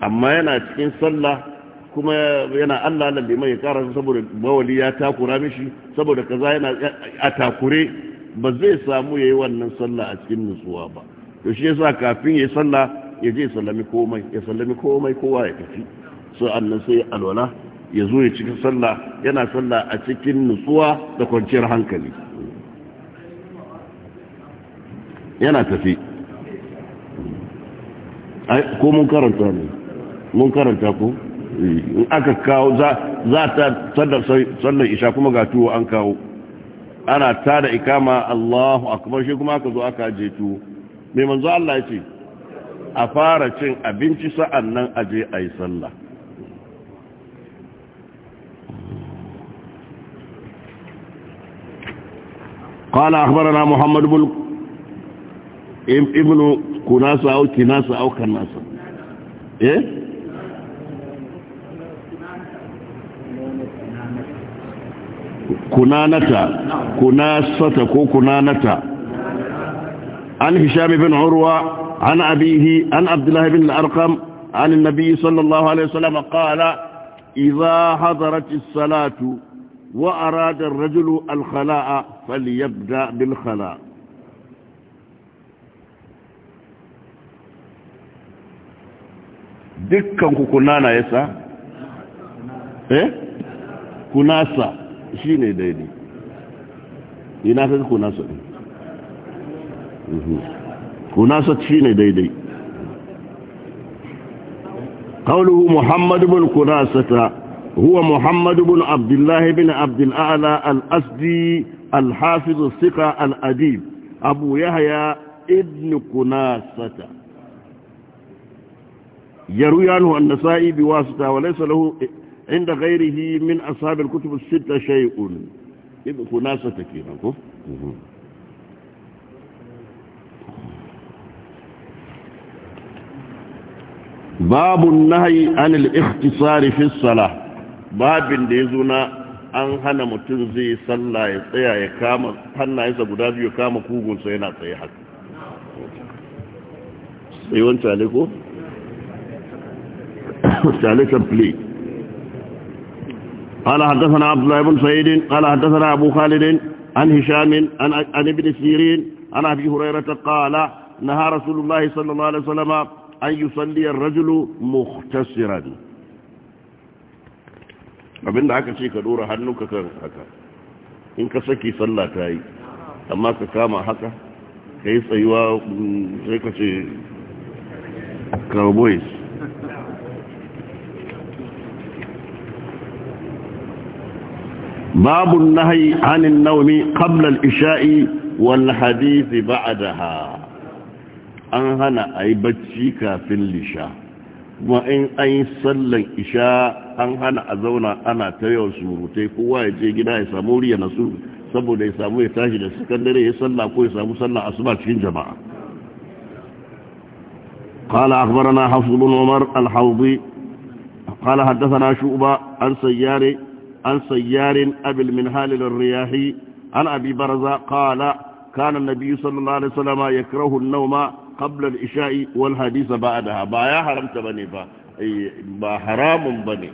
[SPEAKER 1] amma yana cikin sallah kuma yana Allah lalle mai kara saboda bawali ya takura mishi saboda kaza yana a takure ba zai samu ya yi wannan sallah a cikin nutsuwa ba to shi yasa kafin ya yi sallah ya je sallami komai ya sallami komai kowa ya tafi annan sai alwala ya zo ya cikin sallah yana sallah a cikin nutsuwa da kwanciyar hankali yana tafi ko mun karanta ne mun karanta ko eh, in aka kawo za ta sallar isha kuma ga tuwo an kawo ana tada ikama Allahu akbar shi kuma aka zo aka je tu mai manzo Allah ya ce
[SPEAKER 2] a fara cin
[SPEAKER 1] abinci sa'an nan a je a yi sallah qala akhbarana muhammad Ibn ابن kunasa au kinasa au kanasa
[SPEAKER 2] eh كنانة كناسة كو كنانة
[SPEAKER 1] عن هشام بن عروة عن أبيه عن عبد الله بن الأرقم عن النبي صلى الله عليه وسلم قال إذا حضرت الصلاة وأراد الرجل الخلاء فليبدأ بالخلاء دكا كنانا يسا ايه كناسا shi ne daidai ina fi kuna so kuna so shi ne daidai قوله محمد بن كناسة هو محمد بن عبد الله بن عبد الأعلى الأسدي الحافظ الثقة الأديب أبو يحيى ابن كناسة يروي عنه النسائي بواسطة وليس له inda ghairihi min ashabil kutubu as-sitta shay'un idan kunasa take nan Babu باب النهي عن الاختصار في الصلاة باب da yazo na an hana mutum zai salla ya tsaya ya kama hannayensa guda biyu kama kugunsa yana tsaye haka tsaye wancan ne ko? tsaye plate قال حدثنا عبد الله بن سعيد قال حدثنا أبو خالد عن هشام عن, عن ابن سيرين عن أبي هريرة قال نهى رسول الله صلى الله عليه وسلم أن يصلي الرجل مختصرا abin da aka ce ka dora hannunka kan haka in ka saki sallah ta yi amma ka kama haka ka yi tsayuwa sai ka ce cowboys باب النهي عن النوم قبل الإشاء والحديث بعدها an hana ayi barci kafin lisha kuma in an sallar isha an hana a zauna ana ta yawan surutai kowa ya je gida ya samu wuri saboda ya samu ya tashi da sakandare ya salla ko ya samu sallan asuba cikin jama'a قال أخبرنا حفظ بن عمر الحوضي قال حدثنا شعبة عن سياري عن سيار أبي المنهال الرياحي عن أبي برزة قال كان النبي صلى الله عليه وسلم يكره النوم قبل الإشاء والحديث بعدها ba حرمت بني با ba ba haramun ba ne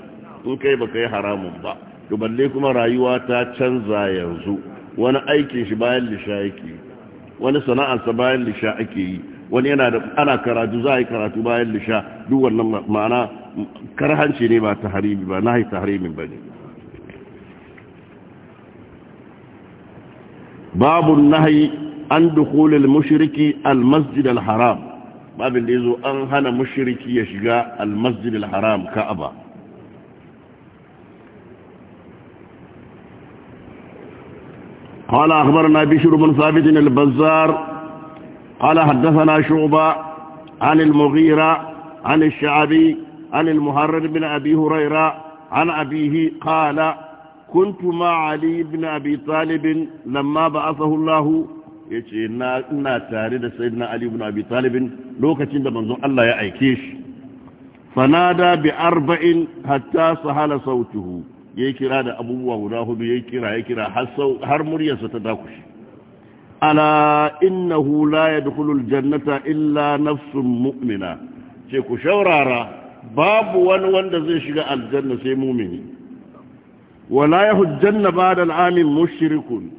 [SPEAKER 1] in kai ba kai haramun ba to balle kuma rayuwa ta canza yanzu wani aikin shi bayan lisha yake wani sana'arsa bayan lisha ake yi wani yana da ana karatu za a yi karatu bayan lisha duk wannan ma'ana karhanci ne ba ta haribi ba na yi ta harimin ba ne باب النهي عن دخول المشرك المسجد الحرام باب اللي يزو أن هنا مشرك يشقى المسجد الحرام كأبا قال أخبرنا بشر بن ثابت البزار قال حدثنا شعبة عن المغيرة عن الشعبي عن المهرر بن أبي هريرة عن أبيه قال كنت مع علي بن أبي طالب لما بعثه الله يجي إنا تارد سيدنا علي بن أبي طالب لوكة منظر الله يأيكيش فنادى بأربع حتى سهل صوته يكرا دا أبوه وراه يكرا يكرا هر مريا ستداكش ألا إنه لا يدخل الجنة إلا نفس مؤمنة شيكو شورارا باب وان وان دا زي شغال الجنة سي مؤمنين wala yahujjanna ba'da al'amin mushrikun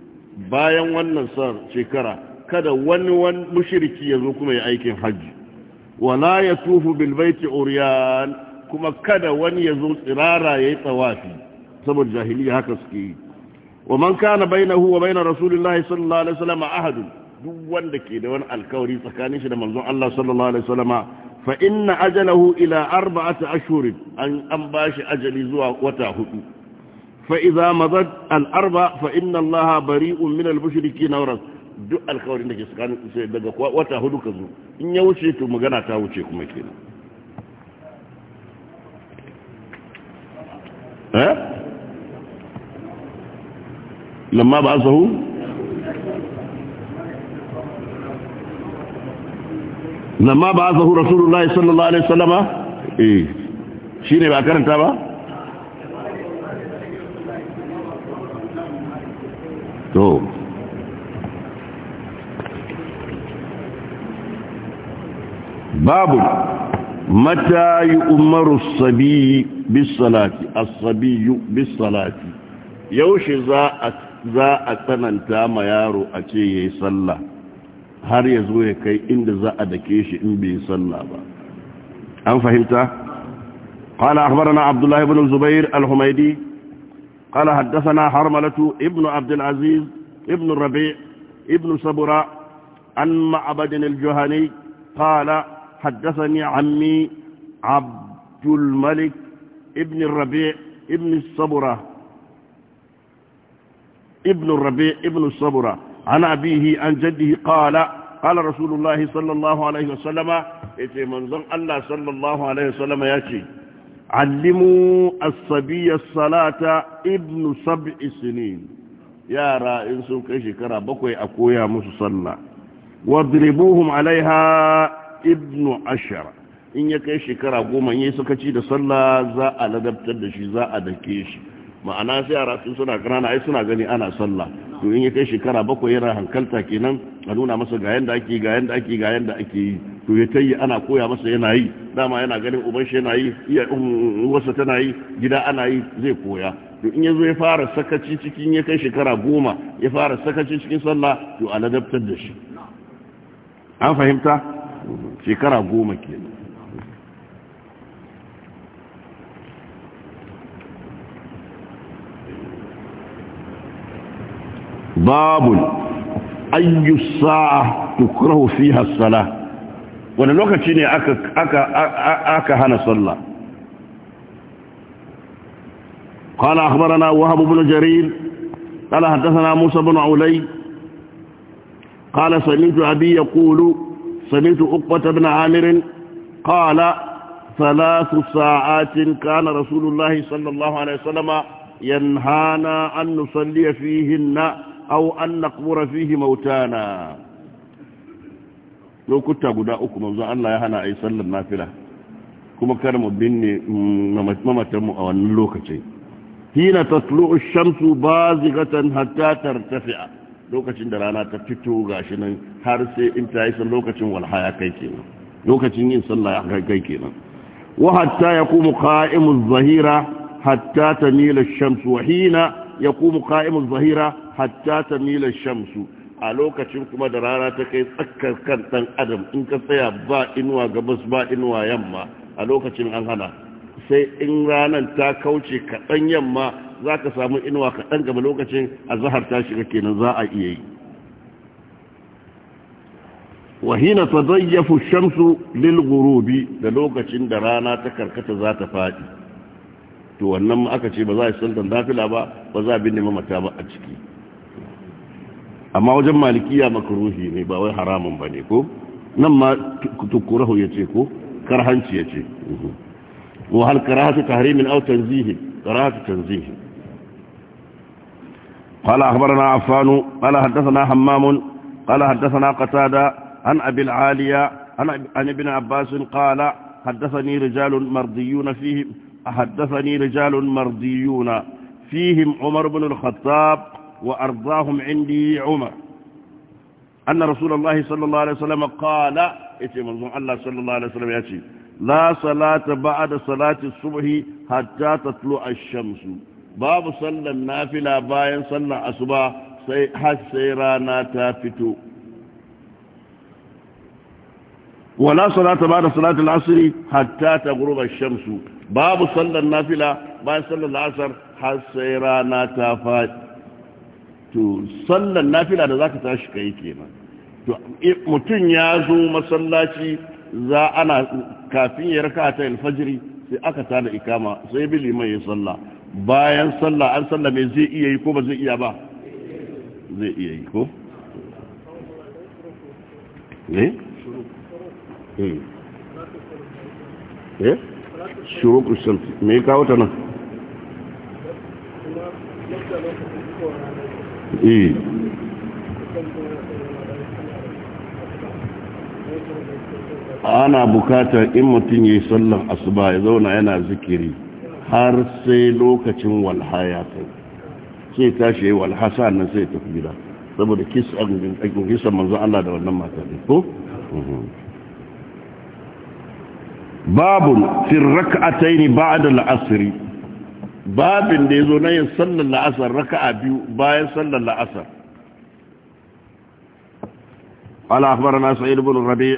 [SPEAKER 1] bayan wannan sar shekara kada wani wani ya yazo kuma ya aikin hajji. wala ya tufu baiti uryan kuma kada wani zo tsirara yi tsawafi, saboda jahiliya haka suke yi wa man kana bainahu wa bain rasulillahi sallallahu alaihi wasallam ahadun duk wanda ke da wani alkawari tsakanin shi da manzon Allah sallallahu alaihi wasallama fa inna ajalahu ila arba'ati ashhur an an bashi ajali zuwa wata hudu فإذا مضت الأربع فإن الله بريء من المشركين ورس duk alkawarin da ke sai daga wata hudu ka zo in ya wuce to magana ta wuce kuma eh lamma ba lamma ba asahu rasulullahi sallallahu alaihi wasallama eh shine ba karanta ba to babu mata yi umaru sabi bisalati asabiyu bisalati yaushe za a tsananta ma yaro a ce ya yi sallah har ya zo ya kai inda za a dake shi in bai sallah ba an fahimta قال أخبرنا عبد الله بن الزبير الحميدي قال حدثنا حرملة ابن عبد العزيز ابن الربيع ابن سبراء عن معبد الجهني قال حدثني عمي عبد الملك ابن الربيع ابن الصبرة ابن الربيع ابن الصبرة عن أبيه عن جده قال قال رسول الله صلى الله عليه وسلم إتي منظم الله صلى الله عليه وسلم يأتي allimu as salata ibnu sab'i sinin yara in sun kai shekara bakwai a koya musu sallah wadribuhum alaiha ibnu ashara in ya kai shekara goma yi suka ci da sallah za a ladabtar da shi za a dake shi ma'ana sai yara sun suna ƙanana ai suna gani ana sallah to in ya kai shekara bakwai yana hankalta kenan a nuna masa ga yanda ake ga yanda ake ga yanda ake yi to ya tayi ana koya masa yana yi dama yana ganin uban shi yana yi iya um, wasa tana yi gida ana yi zai koya to in yazo ya fara sakaci cikin ya kai shekara goma ya fara sakaci cikin sallah to a ladabtar da shi an fahimta shekara goma kenan باب أي الساعة تكره فيها الصلاة وانا لوكتي ني اكا اكا اكا هنا صلى قال اخبرنا وهب بن جرير قال حدثنا موسى بن علي قال سمعت ابي يقول سمعت عقبه بن عامر قال ثلاث ساعات كان رسول الله صلى الله عليه وسلم ينهانا ان نصلي فيهن Au aw an naqbura fihi na. lokuta guda uku manzo Allah ya hana ayi sallar nafila kuma kar mu binne mamatan mu a wannan lokacin hina shamsu ash-shamsu bazighatan hatta tartafi'a lokacin da rana ta fito gashi nan har sai in ta yi san lokacin walhaya kai kenan lokacin yin sallah ya kai kenan wa hatta yaqumu qa'imu adh-dhahira hatta tamila ash-shamsu wa hina yaqumu qa'imu zahira hatta tamila shamsu a lokacin kuma da rana ta kai tsakkar kan ɗan adam in ka tsaya ba inuwa gabas ba inuwa yamma a lokacin an hana sai in ranar ta kauce kaɗan yamma za ka samu inuwa kaɗan gaba lokacin a zahar ta shiga kenan za a iya yi wahina ta zayyafu shamsu lil gurubi da lokacin da rana ta karkata za ta faɗi to wannan aka ce ba za a yi sallar dafila ba ba za a binne mamata ba a ciki amma wajen malikiya makaruhi ne ba wai haramun ba ne ko nan ma tukurahu ya ce ko karhanci ya ce wa hal karahatu tahrimin aw tanzihi karahatu tanzihi قال أخبرنا عفان قال حدثنا حمام قال حدثنا قتادة عن أبي العالية عن ابن عباس قال حدثني رجال مرضيون فيهم حدثني رجال مرضيون فيهم عمر بن الخطاب وأرضاهم عندي عمر أن رسول الله صلى الله عليه وسلم قال الله صلى الله عليه وسلم يأتي لا صلاة بعد صلاة الصبح حتى تطلع الشمس باب صلى النافلة باين صلى حتى سيرانا تافتو ولا صلاة بعد صلاة العصر حتى تغرب الشمس babu sallar nafila bayan sallar la'asar har sai rana ta faɗi to sallar nafila da za zaka tashi kai kenan to mutum ya zo masallaci za ana kafin ya raka ta alfajiri sai aka tada ikama sai bi liman ya salla bayan salla an salla me zai iya yi ko ba zai iya ba zai iya yi ko ne? eh, eh? eh? shuruku shamsi me kawo ta nan eh
[SPEAKER 2] ana bukata in
[SPEAKER 1] mutum ya yi sallan asuba ya zauna yana zikiri har sai lokacin walhaya ya kai sai tashi yi walha nan sai tafi gida saboda kisan manzan Allah da wannan mata ne ko? باب في الركعتين بعد العصر باب اللي da صلى العصر yin sallar la'asar raka'a biyu قال أخبرنا سعيد بن الربيع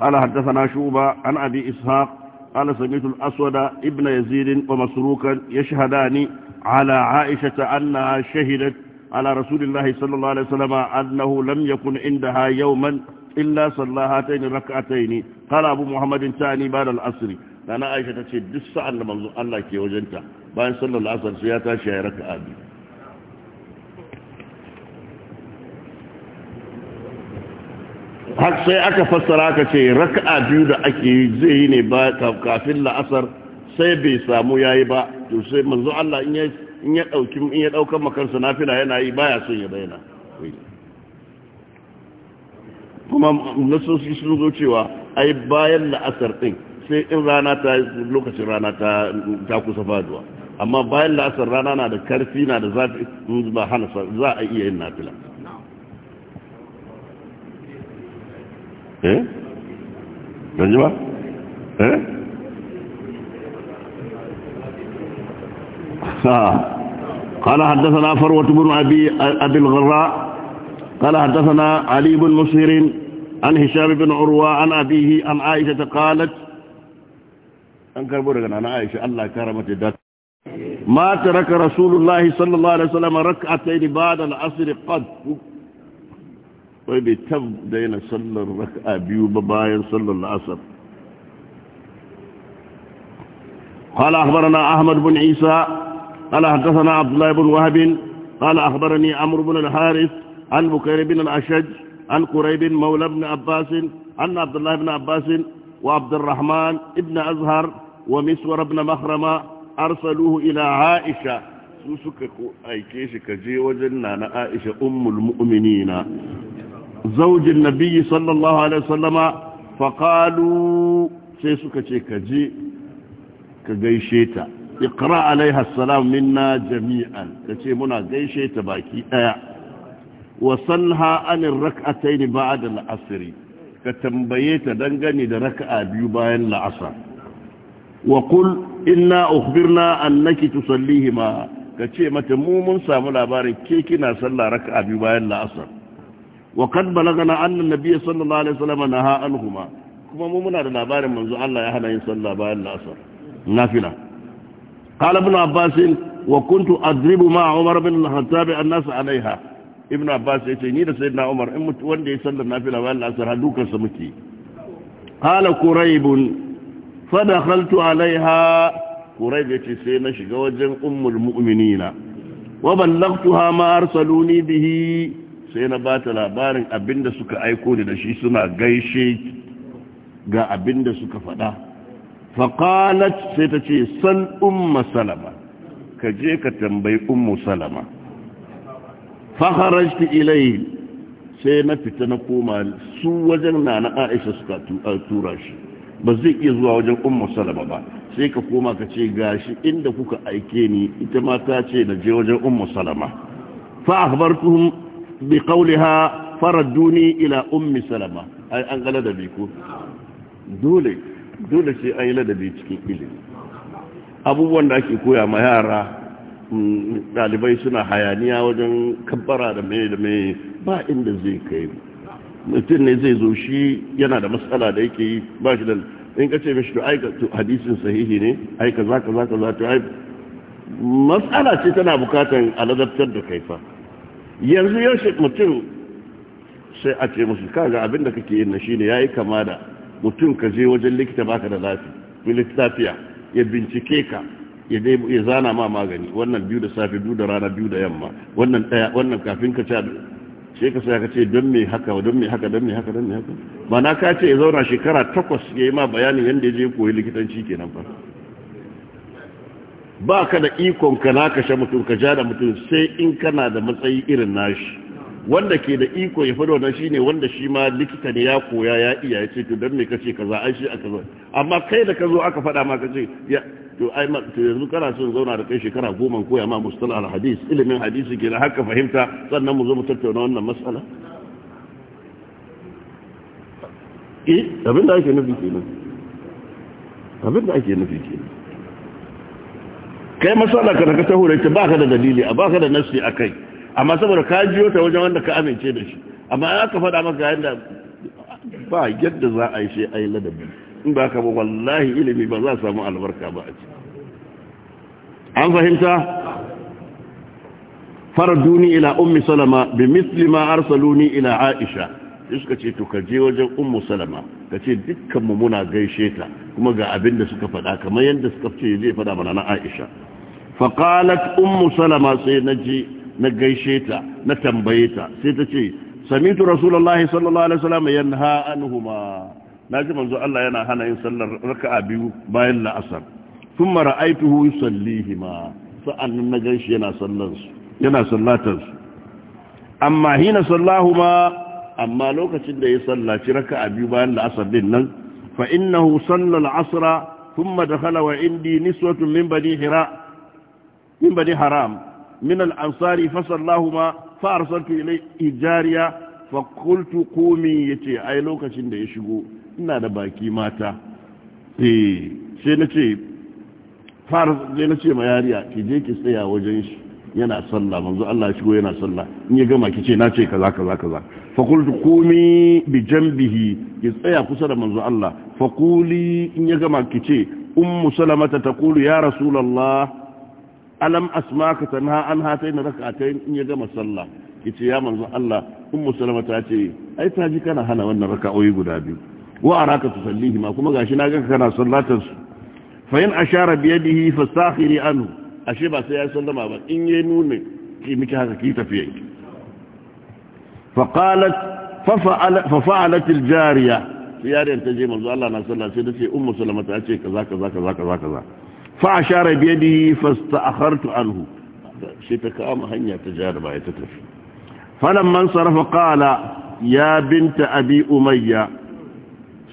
[SPEAKER 1] قال حدثنا شوبة عن أبي إسحاق قال سميت الأسود ابن يزيد ومسروكا يشهدان على عائشة أنها شهدت على رسول الله صلى الله عليه وسلم أنه لم يكن عندها يوما إلا صلى هاتين ركعتين kala abu muhammadin ta ba da al'asiri na na aisha ta ce duk sa'an da manzo Allah ke wajenta bayan sallar la'asar su ya tashi ya raka abi har sai aka fassara ka ce raka biyu da ake yi zai yi ne ba kafin la'asar sai bai samu ya yi ba to sai manzo Allah in ya ɗauki in ya makarsa na fina yana yi baya son ya bayyana kuma nasosi su zo cewa ai bayan la'asar din sai in rana ta lokacin rana ta ta kusa faduwa amma bayan la'asar rana na da karfi na da zafi ba hana za a iya yin nafila eh ban ji eh sa قال حدثنا فروة بن أبي الغراء قال حدثنا علي بن مصير عن هشام بن عروة عن أبيه عن عائشة قالت أن كربورة عن عائشة الله كرمت ذات ما ترك رسول الله صلى الله عليه وسلم ركعتين بعد العصر قد وبتب دين صلى الركعة بيو بباين صلى العصر قال أخبرنا أحمد بن عيسى قال أحدثنا عبد الله بن وهب قال أخبرني عمرو بن الحارث عن بكير بن الأشج عن قريب مولى ابن عباس عن عبد الله بن عباس وعبد الرحمن ابن أزهر ومسور بن مخرمة أرسلوه إلى عائشة سوسك أيكيش كجي وجنان عائشة أم المؤمنين زوج النبي صلى الله عليه وسلم فقالوا سيسك كجي كجيشيتا اقرأ عليها السلام منا جميعا كجي منا جيشيتا باكي آه wa salha anin rak'atayn ba'da al-asr ka tambaye ta dangane da raka'a biyu bayan la'asar wa qul inna ukhbirna annaki tusallihima ce mata mu mun samu labarin ke kina sallah raka'a biyu bayan la'asar wa kad balagana anna nabiyyi sallallahu alaihi wasallam naha anhuma kuma mu muna da labarin manzo Allah ya hana yin sallah bayan la'asar nafila qala ibn abbas wa kuntu adribu ma umar bin al-khattab an-nas alaiha ibn abbas ya ce ni da sayyidina umar in mutu wanda ya sallar nafila bayan asar hadukan sa muke Hala quraybun fa dakhaltu alaiha qurayb ya ce sai na shiga wajen ummul mu'minina wa ballaghtuha ma arsaluni bihi sai na bata labarin abinda suka aiko ni da shi suna gaishe ga abinda suka faɗa faqalat sai ta ce sal umma salama ka je ka tambayi ummu salama faharajtu ilai sai na fita na koma su wajen na na Aisha suka tura shi ba zai iya zuwa wajen umma salama ba sai ka koma ka ce gashi inda kuka aike ni ita ma ta ce na je wajen umma salama fa akhbartuhum bi qawliha faradduni ila ummi salama ai an gala da biko dole dole sai ai ladabi cikin ilimi abubuwan da ake koya ma yara Dalibai suna hayaniya wajen kabbara da mai da mai ba inda zai kai mutum ne zai zo shi yana da matsala da yake yi ba shi da in ka ce mishi to aika to hadisin sahihi ne aika za ka za ka za ta matsala ce tana bukatan aladabtar da kai fa yanzu yaushe mutum sai a ce musu kaga abin da kake yin na ya yi kama da mutum ka je wajen likita baka da lafiya ya bincike ka ya zana ma magani wannan biyu da safe biyu da rana biyu da yamma wannan daya wannan kafin ka ci sai ka sai ka ce don me haka don me haka don me haka don me haka mana ka ce ya zauna shekara takwas ya yi ma bayanin yadda ya je koyi likitanci kenan fa ba ka da ikon ka na kashe mutum ka ja da mutum sai in kana da matsayi irin nashi wanda ke da iko ya faɗo na shine wanda shi ma likita ne ya koya ya iya ya ce to don me kace kaza ai shi aka kaza amma kai da ka zo aka faɗa ma ka ce to ai ma to yanzu kana son zauna da kai shekara goma koya ma mustalah al-hadis ilimin hadisi ke da haka fahimta sannan mu zo mu tattauna wannan mas'ala eh abin da ake nufi kenan abin da ake nufi kenan kai mas'ala kana ka tahura da ba ka da dalili a ba ka da nasi akai amma saboda ka jiyo ta wajen wanda ka amince da shi amma an aka faɗa maka yanda da ba yadda za a yi shi ai ladabi in ba ka ba wallahi ilimi ba za samu albarka ba a ci an fahimta faraduni ila ummi salama bi misli ma arsaluni ila aisha suka ce to ka je wajen Ummi salama ka ce dukkanmu muna gaishe ta kuma ga abin da suka faɗa kamar yadda suka ce zai faɗa mana na aisha fa Ummi ummu salama sai naji na gaishe ta na tambaye ta sai ta ce samitu rasulullahi sallallahu alaihi wasallam yanha anhuma na ji manzo Allah yana hana yin sallar raka'a biyu bayan la'asar sun mara aituhu sallihima sa'annan na gan shi yana sallansu yana sallatarsu amma hina sallahu ma amma lokacin da ya sallaci raka'a biyu bayan la'asar din nan fa innahu salla al'asra thumma dakhala wa indi niswatun min bani haram min al-ansari fa ma fa arsaltu ilayhi jariya fa kultu qultu ya ce ai lokacin da ya shigo ina da baki mata E, sai na ce fara sai na ce ma yariya ki je ki tsaya wajen shi yana sallah manzo Allah shigo yana sallah in ya gama kice na ce kaza kaza kaza fa qultu qumi bi janbihi ki tsaya kusa da manzo Allah fa quli in ya gama kice ummu salamata taqulu ya rasulullah alam asmaka tanha an hatayn rak'atayn in ya gama sallah kice ya manzo Allah ummu salamata ce ai ta ji kana hana wannan raka'o'i guda biyu wa araka tusallihi ma kuma gashi na ganka kana sallatar su fa in ashara bi yadihi fastakhiri anhu ashe ba sai ya sallama ba in ya nuna ki miki haka ki tafiya ki fa qalat fa fa'alat al jariya sai ta je manzo Allah na sallah sai dace ummu salama ta ce kaza kaza kaza kaza kaza fa ashara bi yadihi fastakhartu anhu sai ta kama hanya ta jara ba ya ta tafi falamman sarrafa qala ya binta abi umayya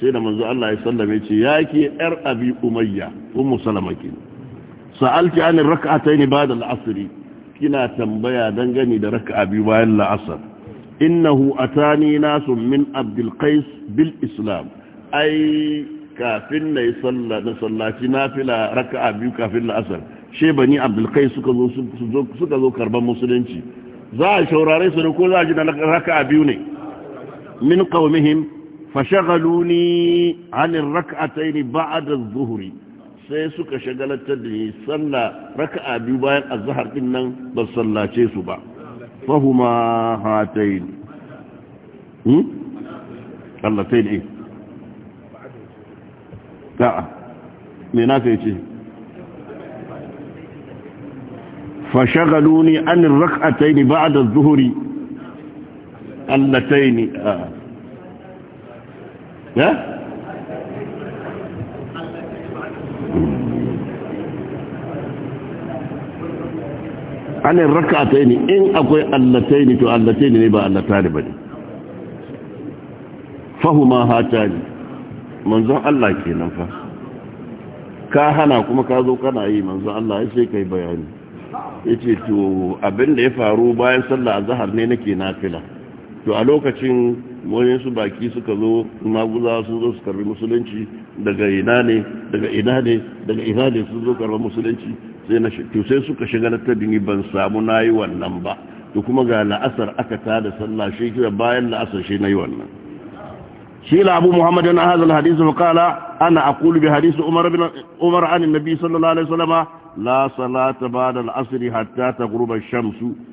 [SPEAKER 1] sai da manzo Allah ya sallame ce ya ke yar abi umayya ummu salama ke sa'alki an rak'atayn ba'da la'asiri kina tambaya gani da rak'a biyu bayan la'asar innahu ni nasun min abdul qais bil islam ai kafin nayi salla na fila nafila biyu kafin la'asar she bani abdul qais suka zo karban musulunci za a shaurare su ne ko za a ji na rak'a biyu ne min qaumihim فشغلوني عن الركعتين da الظهر sai suka shagalatar da ni sallah raka'a biyu bayan zahar ɗin nan ba sallace su ba fahuma hatayn hmm sallatayn eh na sai ce ya anin raka ta yi in akwai allatai ne to allatai ne ba allata ne ba ne fahuma hata ne manzon Allah ke nan fa ka hana kuma ka zo kana yi manzon Allah ya ce kai bayani ya ce to abinda ya faru bayan sallah a zahar ne nake nafila to a lokacin wani su baki suka zo maguza sun zo su karbi musulunci daga ina ne daga ina ne daga ina ne sun zo karbi musulunci sai na to sai suka shiga na tabini ban samu na yi wannan ba to kuma ga la'asar aka tada sallah shi kira bayan la'asar shi yi wannan shi la abu muhammad na hadal hadith wa ana aqulu bi hadith umar bin umar an nabi sallallahu alaihi wasallam la salata ba'da al-asr hatta taghrub ash-shamsu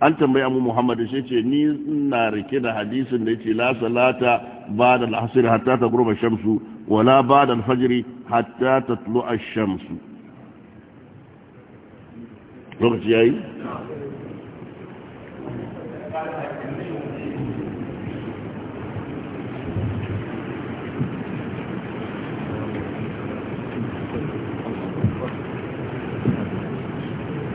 [SPEAKER 1] an tambayi abu muhammadu shi ce ni na rike da hadisin da yake la salata ba da al'asir hatta ta gurba shamsu wala ba da alfajiri hatta ta tulu shamsu lokaci yayi